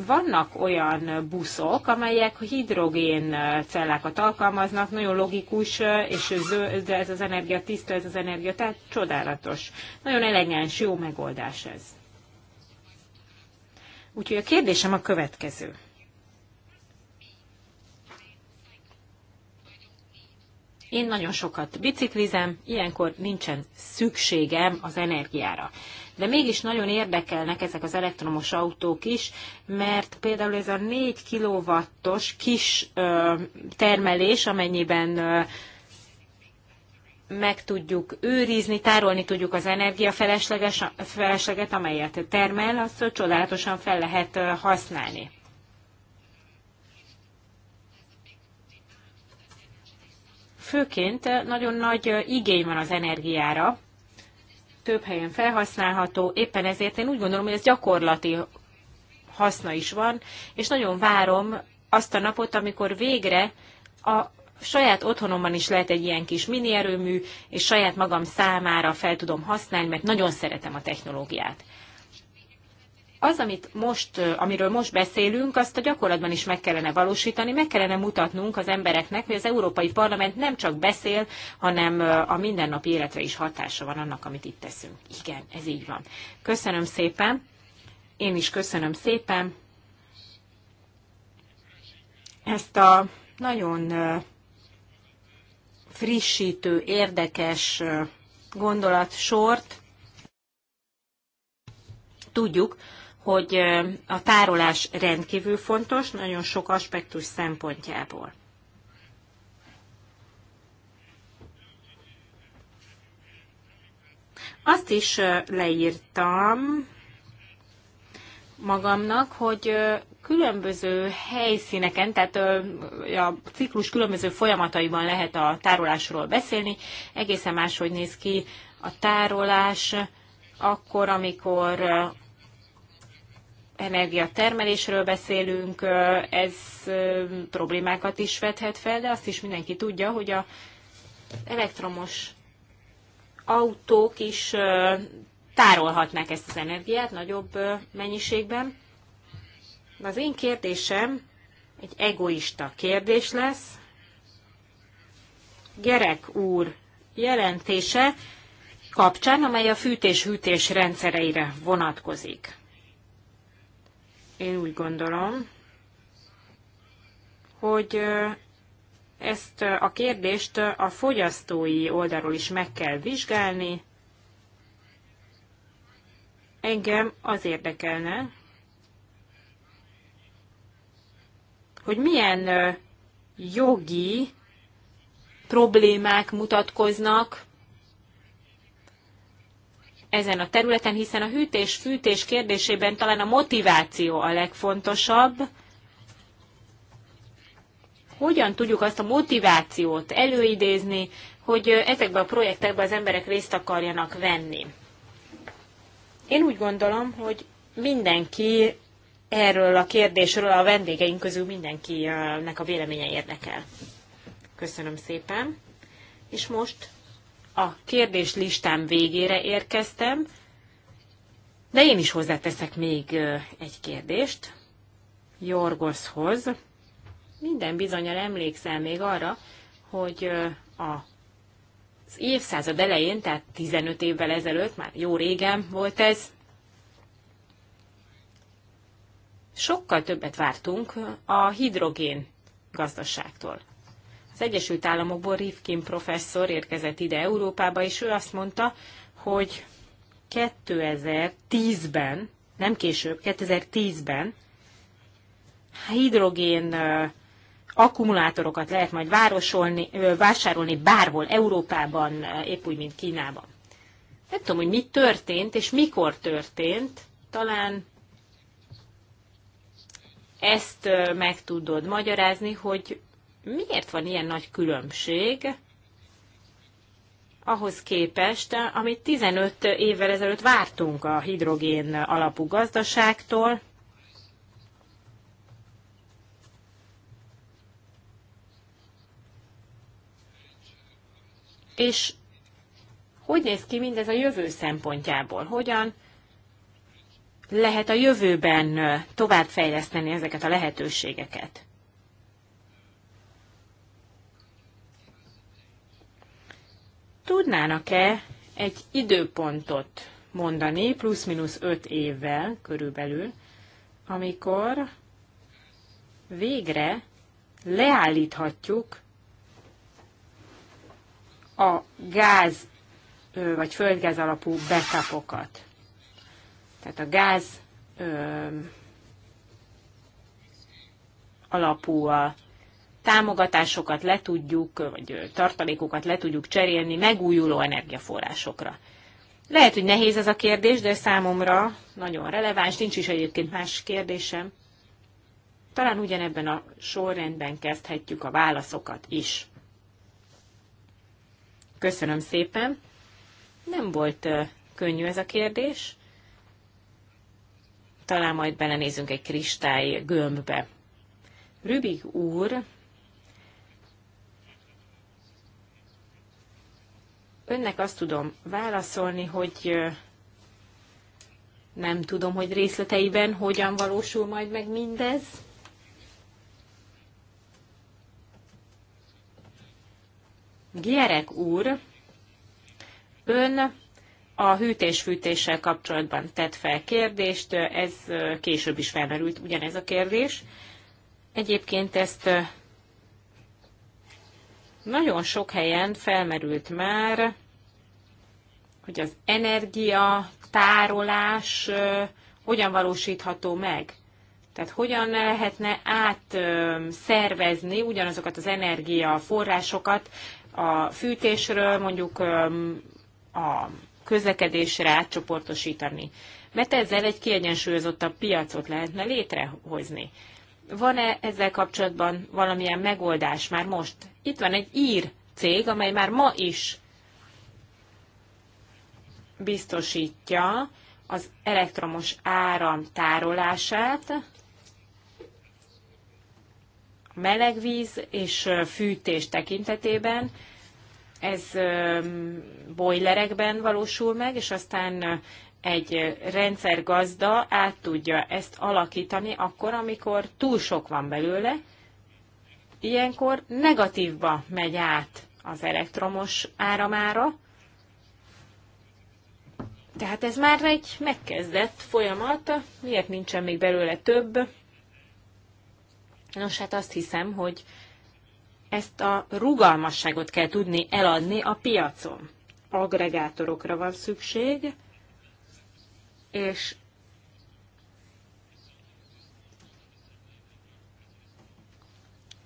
vannak olyan buszok, amelyek hidrogén cellákat alkalmaznak, nagyon logikus, és zöld ez az energia, tiszta ez az energia, tehát csodálatos. Nagyon elegáns, jó megoldás ez. Úgyhogy a kérdésem a következő. Én nagyon sokat biciklizem, ilyenkor nincsen szükségem az energiára de mégis nagyon érdekelnek ezek az elektromos autók is, mert például ez a 4 kilovattos kis ö, termelés, amennyiben ö, meg tudjuk őrizni, tárolni tudjuk az energiafelesleget, amelyet termel, azt csodálatosan fel lehet használni. Főként nagyon nagy igény van az energiára, több helyen felhasználható, éppen ezért én úgy gondolom, hogy ez gyakorlati haszna is van, és nagyon várom azt a napot, amikor végre a saját otthonomban is lehet egy ilyen kis mini erőmű, és saját magam számára fel tudom használni, mert nagyon szeretem a technológiát az, amit most, amiről most beszélünk, azt a gyakorlatban is meg kellene valósítani, meg kellene mutatnunk az embereknek, hogy az Európai Parlament nem csak beszél, hanem a mindennapi életre is hatása van annak, amit itt teszünk. Igen, ez így van. Köszönöm szépen. Én is köszönöm szépen ezt a nagyon frissítő, érdekes gondolatsort. Tudjuk, hogy a tárolás rendkívül fontos, nagyon sok aspektus szempontjából. Azt is leírtam magamnak, hogy különböző helyszíneken, tehát a ciklus különböző folyamataiban lehet a tárolásról beszélni. Egészen máshogy néz ki a tárolás akkor, amikor energiatermelésről beszélünk, ez problémákat is vethet fel, de azt is mindenki tudja, hogy a elektromos autók is tárolhatnák ezt az energiát nagyobb mennyiségben. az én kérdésem egy egoista kérdés lesz. Gerek úr jelentése kapcsán, amely a fűtés-hűtés rendszereire vonatkozik. Én úgy gondolom, hogy ezt a kérdést a fogyasztói oldalról is meg kell vizsgálni. Engem az érdekelne, hogy milyen jogi problémák mutatkoznak ezen a területen, hiszen a hűtés-fűtés kérdésében talán a motiváció a legfontosabb. Hogyan tudjuk azt a motivációt előidézni, hogy ezekben a projektekben az emberek részt akarjanak venni? Én úgy gondolom, hogy mindenki erről a kérdésről, a vendégeink közül mindenkinek a véleménye érdekel. Köszönöm szépen. És most a kérdés listám végére érkeztem, de én is hozzáteszek még egy kérdést Jorgoszhoz. Minden bizonyal emlékszel még arra, hogy a az évszázad elején, tehát 15 évvel ezelőtt, már jó régen volt ez, sokkal többet vártunk a hidrogén gazdaságtól. Az Egyesült Államokból Rifkin professzor érkezett ide Európába, és ő azt mondta, hogy 2010-ben, nem később, 2010-ben hidrogén akkumulátorokat lehet majd városolni, vásárolni bárhol Európában, épp úgy, mint Kínában. Nem tudom, hogy mi történt, és mikor történt, talán ezt meg tudod magyarázni, hogy Miért van ilyen nagy különbség ahhoz képest, amit 15 évvel ezelőtt vártunk a hidrogén alapú gazdaságtól, És hogy néz ki mindez a jövő szempontjából? Hogyan lehet a jövőben továbbfejleszteni ezeket a lehetőségeket? Tudnának-e egy időpontot mondani, plusz-minusz 5 évvel körülbelül, amikor végre leállíthatjuk a gáz vagy földgáz alapú bekapokat? Tehát a gáz alapú a támogatásokat le tudjuk, vagy tartalékokat le tudjuk cserélni megújuló energiaforrásokra. Lehet, hogy nehéz ez a kérdés, de számomra nagyon releváns, nincs is egyébként más kérdésem. Talán ugyanebben a sorrendben kezdhetjük a válaszokat is. Köszönöm szépen. Nem volt könnyű ez a kérdés. Talán majd belenézünk egy kristály gömbbe. Rübig úr Önnek azt tudom válaszolni, hogy nem tudom, hogy részleteiben hogyan valósul majd meg mindez. Gyerek úr, ön a hűtés-fűtéssel kapcsolatban tett fel kérdést, ez később is felmerült ugyanez a kérdés. Egyébként ezt nagyon sok helyen felmerült már, hogy az energia, tárolás hogyan valósítható meg. Tehát hogyan lehetne átszervezni ugyanazokat az energiaforrásokat a fűtésről mondjuk a közlekedésre átcsoportosítani. Mert ezzel egy kiegyensúlyozottabb piacot lehetne létrehozni. Van-e ezzel kapcsolatban valamilyen megoldás már most? Itt van egy ír cég, amely már ma is biztosítja az elektromos áram tárolását, melegvíz és fűtés tekintetében. Ez bojlerekben valósul meg, és aztán egy rendszergazda át tudja ezt alakítani akkor, amikor túl sok van belőle, ilyenkor negatívba megy át az elektromos áramára, tehát ez már egy megkezdett folyamat, miért nincsen még belőle több? Nos, hát azt hiszem, hogy ezt a rugalmasságot kell tudni eladni a piacon. Agregátorokra van szükség, és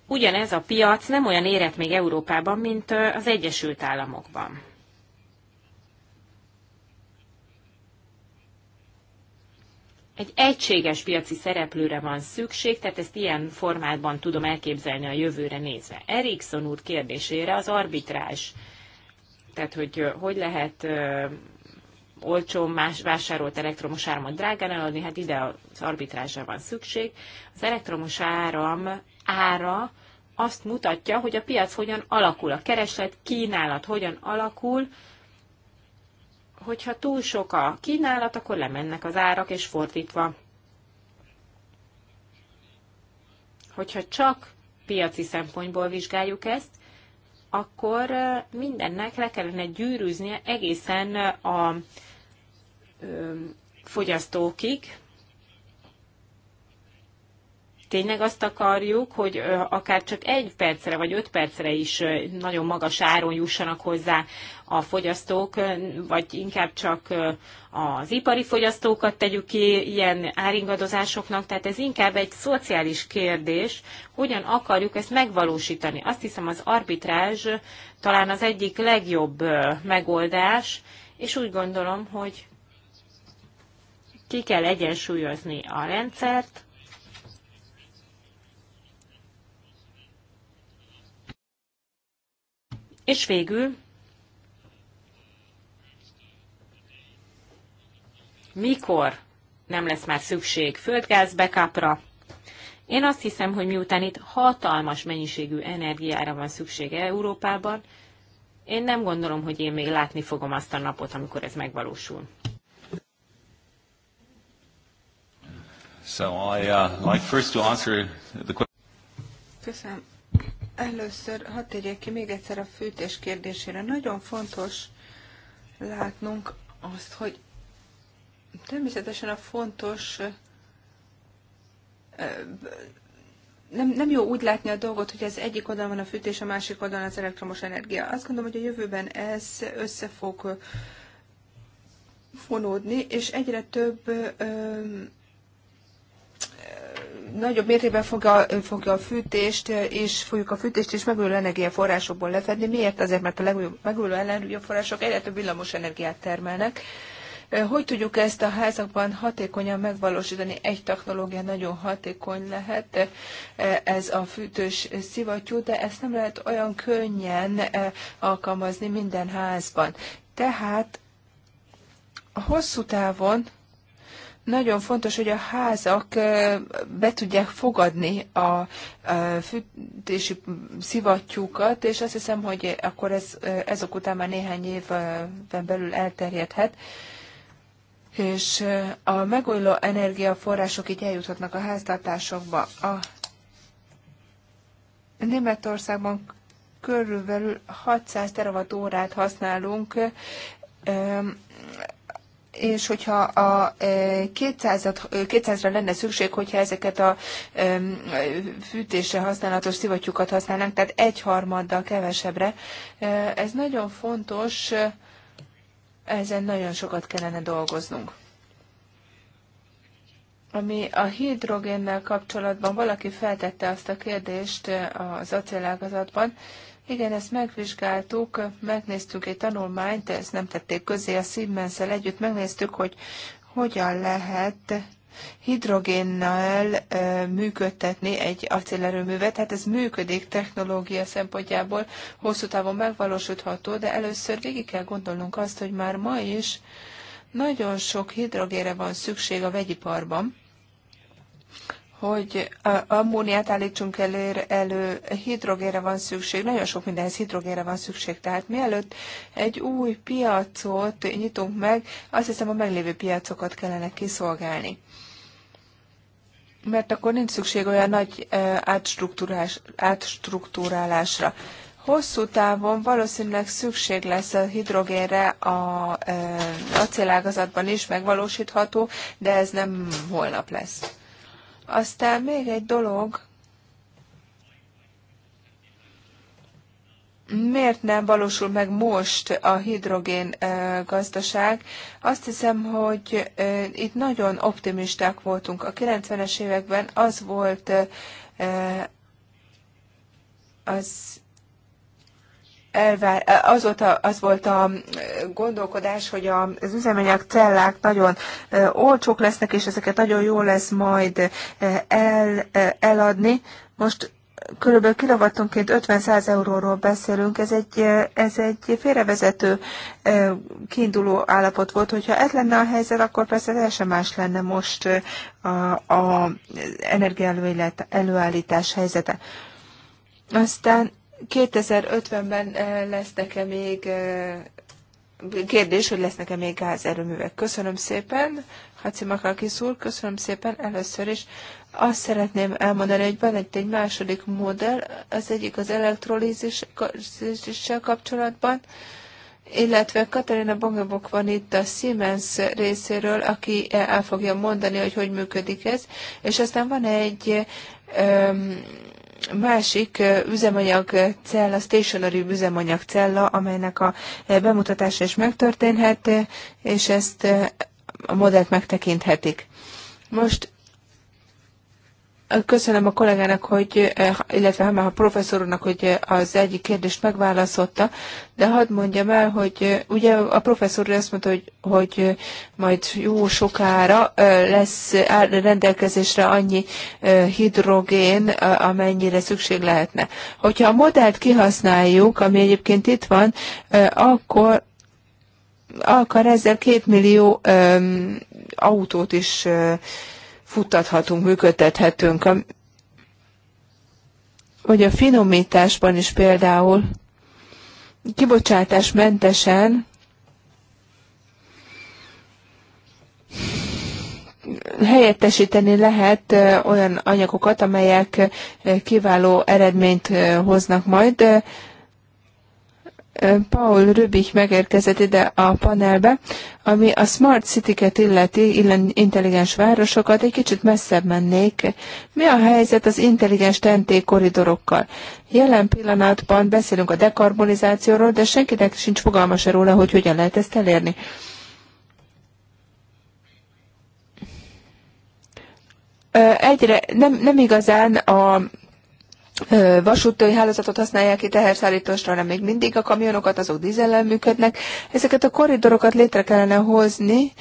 ugyanez a piac nem olyan érett még Európában, mint az Egyesült Államokban. Egy egységes piaci szereplőre van szükség, tehát ezt ilyen formátban tudom elképzelni a jövőre nézve. Erikson úr kérdésére az arbitrás, tehát hogy hogy lehet olcsó más vásárolt elektromos áramot drágán eladni, hát ide az arbitrázsra van szükség. Az elektromos áram ára azt mutatja, hogy a piac hogyan alakul, a kereslet, kínálat hogyan alakul, hogyha túl sok a kínálat, akkor lemennek az árak, és fordítva. Hogyha csak piaci szempontból vizsgáljuk ezt, akkor mindennek le kellene gyűrűznie egészen a fogyasztókig. Tényleg azt akarjuk, hogy akár csak egy percre vagy öt percre is nagyon magas áron jussanak hozzá a fogyasztók, vagy inkább csak az ipari fogyasztókat tegyük ki ilyen áringadozásoknak, tehát ez inkább egy szociális kérdés, hogyan akarjuk ezt megvalósítani. Azt hiszem az arbitrázs talán az egyik legjobb megoldás, és úgy gondolom, hogy ki kell egyensúlyozni a rendszert, és végül mikor nem lesz már szükség földgáz backupra. Én azt hiszem, hogy miután itt hatalmas mennyiségű energiára van szükség Európában, én nem gondolom, hogy én még látni fogom azt a napot, amikor ez megvalósul.
So I uh, like first to answer the question. Köszönöm. Először hadd tegyek ki még egyszer a fűtés kérdésére. Nagyon fontos látnunk azt, hogy természetesen a fontos nem, nem jó úgy látni a dolgot, hogy az egyik oldalon van a fűtés, a másik oldalon az elektromos energia. Azt gondolom, hogy a jövőben ez össze fog fonódni, és egyre több nagyobb mértékben fogja, fogja a fűtést, és fogjuk a fűtést és megújuló energiaforrásokból lefedni. Miért? Azért, mert a legújabb megújuló energiaforrások egyre több villamos energiát termelnek. Hogy tudjuk ezt a házakban hatékonyan megvalósítani? Egy technológia nagyon hatékony lehet, ez a fűtős szivattyú, de ezt nem lehet olyan könnyen e, alkalmazni minden házban. Tehát a hosszú távon nagyon fontos, hogy a házak be tudják fogadni a fűtési szivattyúkat, és azt hiszem, hogy akkor ez, ezok után már néhány évben belül elterjedhet és a megújuló energiaforrások így eljuthatnak a háztartásokba. A Németországban körülbelül 600 terawatt órát használunk és hogyha a 200, e, 200-ra lenne szükség, hogyha ezeket a e, fűtésre használatos szivattyúkat használnánk, tehát egyharmaddal kevesebbre. E, ez nagyon fontos, ezen nagyon sokat kellene dolgoznunk. Ami a hidrogénnel kapcsolatban valaki feltette azt a kérdést az acélágazatban, igen, ezt megvizsgáltuk, megnéztük egy tanulmányt, ezt nem tették közé a siemens együtt, megnéztük, hogy hogyan lehet hidrogénnel működtetni egy acélerőművet. Hát ez működik technológia szempontjából, hosszú távon megvalósítható, de először végig kell gondolnunk azt, hogy már ma is nagyon sok hidrogére van szükség a vegyiparban hogy ammóniát állítsunk elő, elő, hidrogére van szükség, nagyon sok mindenhez hidrogére van szükség, tehát mielőtt egy új piacot nyitunk meg, azt hiszem a meglévő piacokat kellene kiszolgálni. Mert akkor nincs szükség olyan nagy átstruktúrálásra. Hosszú távon valószínűleg szükség lesz a hidrogénre a acélágazatban is megvalósítható, de ez nem holnap lesz. Aztán még egy dolog, miért nem valósul meg most a hidrogén gazdaság? Azt hiszem, hogy itt nagyon optimisták voltunk. A 90-es években az volt az elvár, eh, a, az volt a eh, gondolkodás, hogy az üzemanyag cellák nagyon eh, olcsók lesznek, és ezeket nagyon jó lesz majd el, eladni. Most körülbelül kilovattonként 50-100 euróról beszélünk, ez egy, ez egy félrevezető kiinduló állapot volt, hogyha ez lenne a helyzet, akkor persze teljesen más lenne most az energiaelőállítás helyzete. Aztán 2050-ben eh, lesznek-e még eh, kérdés, hogy lesznek-e még gázerőművek. Köszönöm szépen, Haci Makakis úr, köszönöm szépen először is. Azt szeretném elmondani, hogy van egy, egy második modell, az egyik az elektrolízissel kapcsolatban, illetve Katarina Bongabok van itt a Siemens részéről, aki el fogja mondani, hogy hogy működik ez, és aztán van egy um, másik üzemanyag cella, stationary üzemanyag cella, amelynek a bemutatása is megtörténhet, és ezt a modellt megtekinthetik. Most Köszönöm a kollégának, hogy, eh, illetve a professzor úrnak, hogy eh, az egyik kérdést megválaszolta, de hadd mondjam el, hogy eh, ugye a professzor azt mondta, hogy, hogy majd jó sokára lesz rendelkezésre annyi hidrogén, amennyire szükség lehetne. Hogyha a modellt kihasználjuk, ami egyébként itt van, akkor akar ezzel két millió autót is futtathatunk, működtethetünk. A, vagy a finomításban is például kibocsátás mentesen helyettesíteni lehet olyan anyagokat, amelyek kiváló eredményt hoznak majd, Paul Rübich megérkezett ide a panelbe, ami a Smart City-ket illeti, intelligens városokat, egy kicsit messzebb mennék. Mi a helyzet az intelligens TNT koridorokkal? Jelen pillanatban beszélünk a dekarbonizációról, de senkinek sincs fogalma se róla, hogy hogyan lehet ezt elérni. Egyre nem, nem igazán a vasúti hálózatot használják ki teherszállításra, hanem még mindig a kamionokat, azok dízellel működnek. Ezeket a korridorokat létre kellene hozni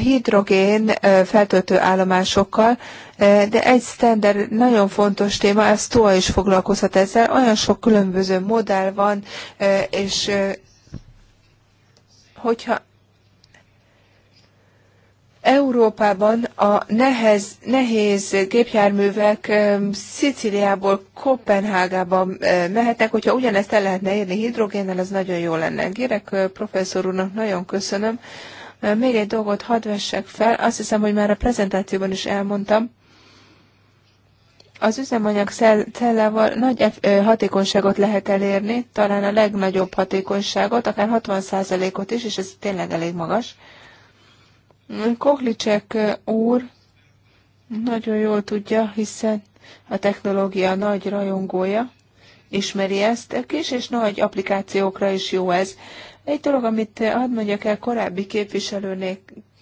hidrogén feltöltő állomásokkal, de egy standard nagyon fontos téma, ez TOA is foglalkozhat ezzel, olyan sok különböző modell van, és hogyha Európában a nehez, nehéz gépjárművek Szicíliából Kopenhágába mehetnek, hogyha ugyanezt el lehetne érni hidrogénnel, az nagyon jó lenne. Gérek professzor úrnak nagyon köszönöm. Még egy dolgot hadd vessek fel, azt hiszem, hogy már a prezentációban is elmondtam. Az üzemanyag cellával nagy hatékonyságot lehet elérni, talán a legnagyobb hatékonyságot, akár 60%-ot is, és ez tényleg elég magas. Kohlicek úr nagyon jól tudja, hiszen a technológia nagy rajongója, ismeri ezt, kis és nagy applikációkra is jó ez. Egy dolog, amit ad mondjak el korábbi képviselőnek,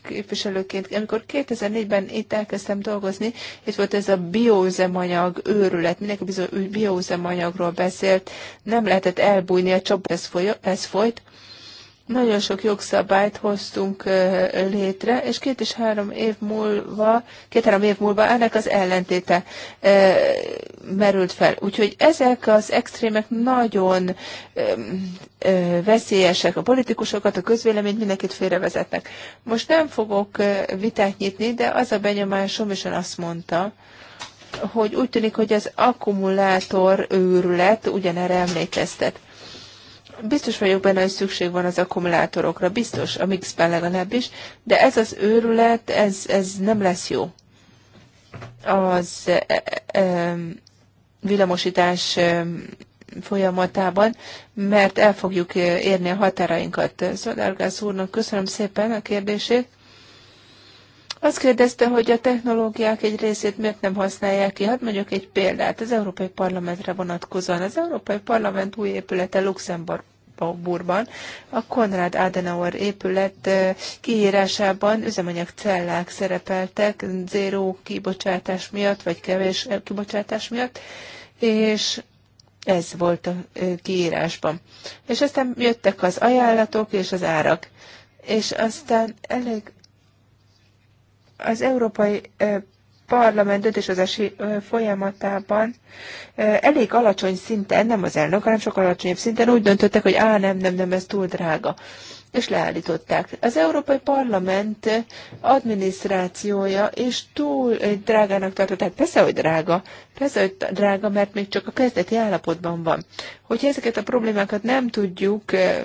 képviselőként, amikor 2004-ben itt elkezdtem dolgozni, itt volt ez a bióüzemanyag őrület, mindenki bizony bioüzemanyagról beszélt, nem lehetett elbújni a csapat, ez, ez folyt, nagyon sok jogszabályt hoztunk létre, és két és három év múlva, két-három év múlva ennek az ellentéte merült fel. Úgyhogy ezek az extrémek nagyon veszélyesek. A politikusokat, a közvéleményt mindenkit félrevezetnek. Most nem fogok vitát nyitni, de az a benyomásom, is azt mondta, hogy úgy tűnik, hogy az akkumulátor őrület ugyanerre emlékeztet biztos vagyok benne, hogy szükség van az akkumulátorokra, biztos, a mixben is, de ez az őrület, ez, ez nem lesz jó. Az e, e, e villamosítás e, folyamatában, mert el fogjuk e, érni a határainkat. Szodárgász úrnak köszönöm szépen a kérdését. Azt kérdezte, hogy a technológiák egy részét miért nem használják ki. hát mondjuk egy példát az Európai Parlamentre vonatkozóan. Az Európai Parlament új épülete Luxemburg Burban, a Konrad Adenauer épület eh, kiírásában üzemanyagcellák szerepeltek zéró kibocsátás miatt, vagy kevés eh, kibocsátás miatt, és ez volt a eh, kiírásban. És aztán jöttek az ajánlatok és az árak. És aztán elég az Európai Parlament döntéshozási folyamatában elég alacsony szinten, nem az elnök, hanem sokkal alacsonyabb szinten úgy döntöttek, hogy á, nem, nem, nem, ez túl drága és leállították. Az Európai Parlament adminisztrációja és túl eh, drágának tartották. Persze, hogy drága, persze, hogy drága, mert még csak a kezdeti állapotban van. Hogyha ezeket a problémákat nem tudjuk eh,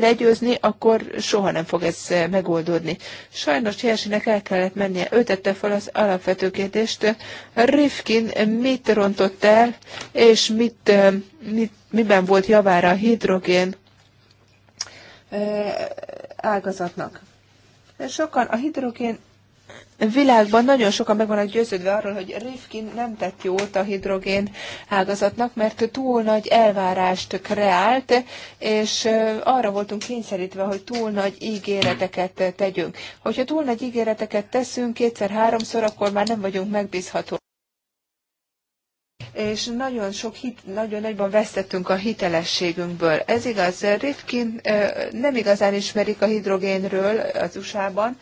legyőzni, akkor soha nem fog ez eh, megoldódni. Sajnos Jelsinek el kellett mennie. Ő tette fel az alapvető kérdést. Rifkin mit rontott el, és mit, mit, miben volt javára a hidrogén ágazatnak. Sokan a hidrogén világban nagyon sokan meg vannak győződve arról, hogy Rifkin nem tett jót a hidrogén ágazatnak, mert túl nagy elvárást kreált, és arra voltunk kényszerítve, hogy túl nagy ígéreteket tegyünk. Hogyha túl nagy ígéreteket teszünk kétszer-háromszor, akkor már nem vagyunk megbízhatók és nagyon sok hit, nagyon nagyban vesztettünk a hitelességünkből. Ez igaz, Rifkin nem igazán ismerik a hidrogénről az USA-ban,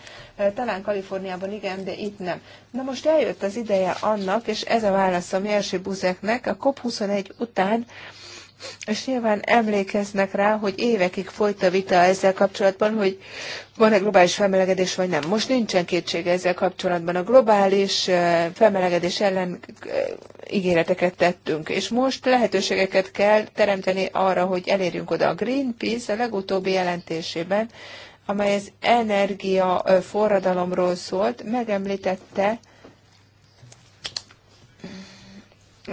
talán Kaliforniában igen, de itt nem. Na most eljött az ideje annak, és ez a válaszom Jerzy Buzeknek, a COP21 után és nyilván emlékeznek rá, hogy évekig folyt a vita ezzel kapcsolatban, hogy van-e globális felmelegedés, vagy nem. Most nincsen kétsége ezzel kapcsolatban. A globális felmelegedés ellen ígéreteket tettünk, és most lehetőségeket kell teremteni arra, hogy elérjünk oda. A Greenpeace a legutóbbi jelentésében, amely az energia forradalomról szólt, megemlítette,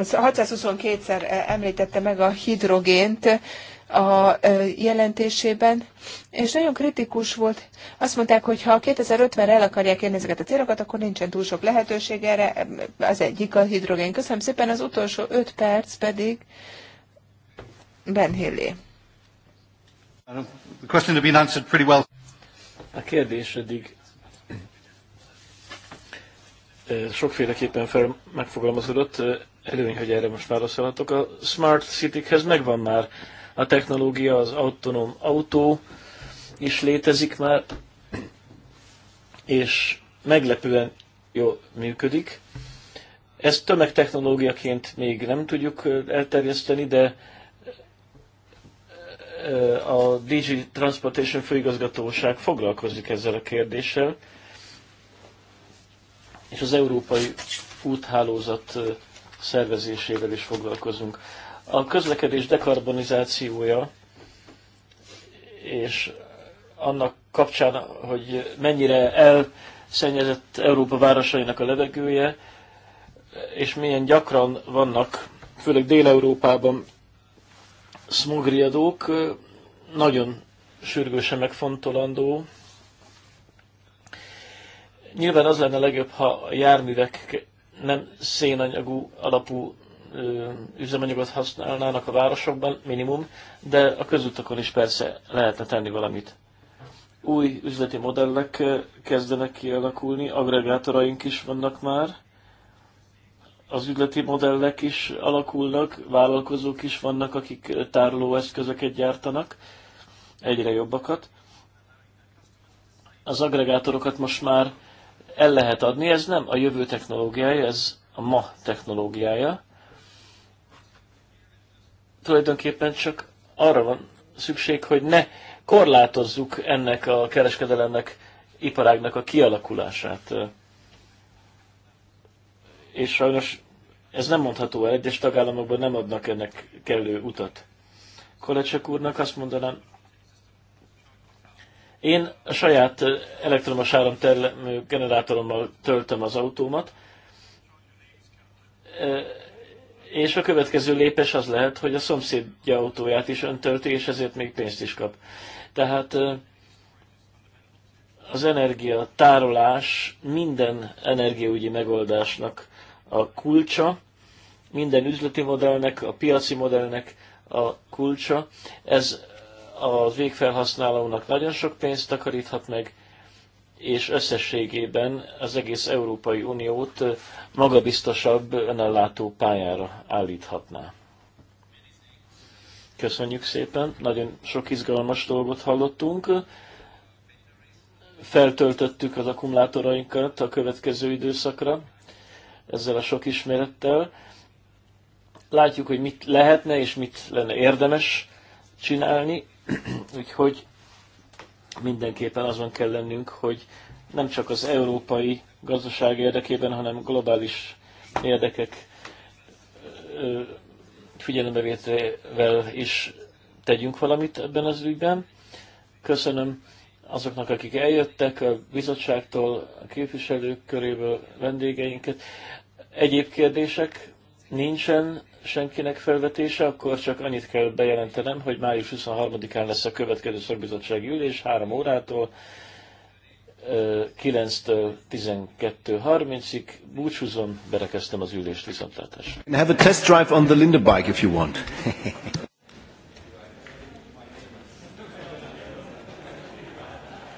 622-szer eh, említette meg a hidrogént a eh, jelentésében, és nagyon kritikus volt. Azt mondták, hogy ha 2050-re el akarják érni ezeket a célokat, akkor nincsen túl sok lehetőség erre. Eh, az egyik a hidrogén. Köszönöm szépen, az utolsó 5 perc pedig Ben Hillé.
well. A kérdés eddig sokféleképpen fel megfogalmazódott előny, hogy erre most válaszolhatok. A Smart City-hez megvan már a technológia, az autonóm autó is létezik már, és meglepően jól működik. Ezt tömegtechnológiaként még nem tudjuk elterjeszteni, de a DG Transportation főigazgatóság foglalkozik ezzel a kérdéssel, és az európai úthálózat szervezésével is foglalkozunk. A közlekedés dekarbonizációja és annak kapcsán, hogy mennyire elszennyezett Európa városainak a levegője, és milyen gyakran vannak, főleg Dél-Európában smogriadók, nagyon sürgősen megfontolandó. Nyilván az lenne legjobb, ha a járművek nem szénanyagú alapú üzemanyagot használnának a városokban, minimum, de a közutakon is persze lehetne tenni valamit. Új üzleti modellek kezdenek kialakulni, agregátoraink is vannak már, az üzleti modellek is alakulnak, vállalkozók is vannak, akik tárolóeszközöket gyártanak, egyre jobbakat. Az agregátorokat most már el lehet adni, ez nem a jövő technológiája, ez a ma technológiája. Tulajdonképpen csak arra van szükség, hogy ne korlátozzuk ennek a kereskedelemnek, iparágnak a kialakulását. És sajnos ez nem mondható el, egyes tagállamokban nem adnak ennek kellő utat. Kolecsek úrnak azt mondanám, én a saját elektromos áramtermő generátorommal töltöm az autómat, és a következő lépés az lehet, hogy a szomszédja autóját is öntölti, és ezért még pénzt is kap. Tehát az energia tárolás minden energiaügyi megoldásnak a kulcsa, minden üzleti modellnek, a piaci modellnek a kulcsa. Ez az végfelhasználónak nagyon sok pénzt takaríthat meg, és összességében az egész Európai Uniót magabiztosabb, önellátó pályára állíthatná. Köszönjük szépen, nagyon sok izgalmas dolgot hallottunk. Feltöltöttük az akkumulátorainkat a következő időszakra ezzel a sok ismerettel. Látjuk, hogy mit lehetne és mit lenne érdemes csinálni, *clears throat* Úgyhogy mindenképpen azon kell lennünk, hogy nem csak az európai gazdaság érdekében, hanem globális érdekek figyelembevételével is tegyünk valamit ebben az ügyben. Köszönöm azoknak, akik eljöttek a bizottságtól, a képviselők köréből vendégeinket. Egyéb kérdések nincsen, senkinek felvetése, akkor csak annyit kell bejelentenem, hogy május 23-án lesz a következő szakbizottsági ülés 3 órától, 9-től 12.30-ig. Búcsúzom, berekeztem az ülést viszontlátásra. Have a test drive on the Linda bike if you want. *laughs*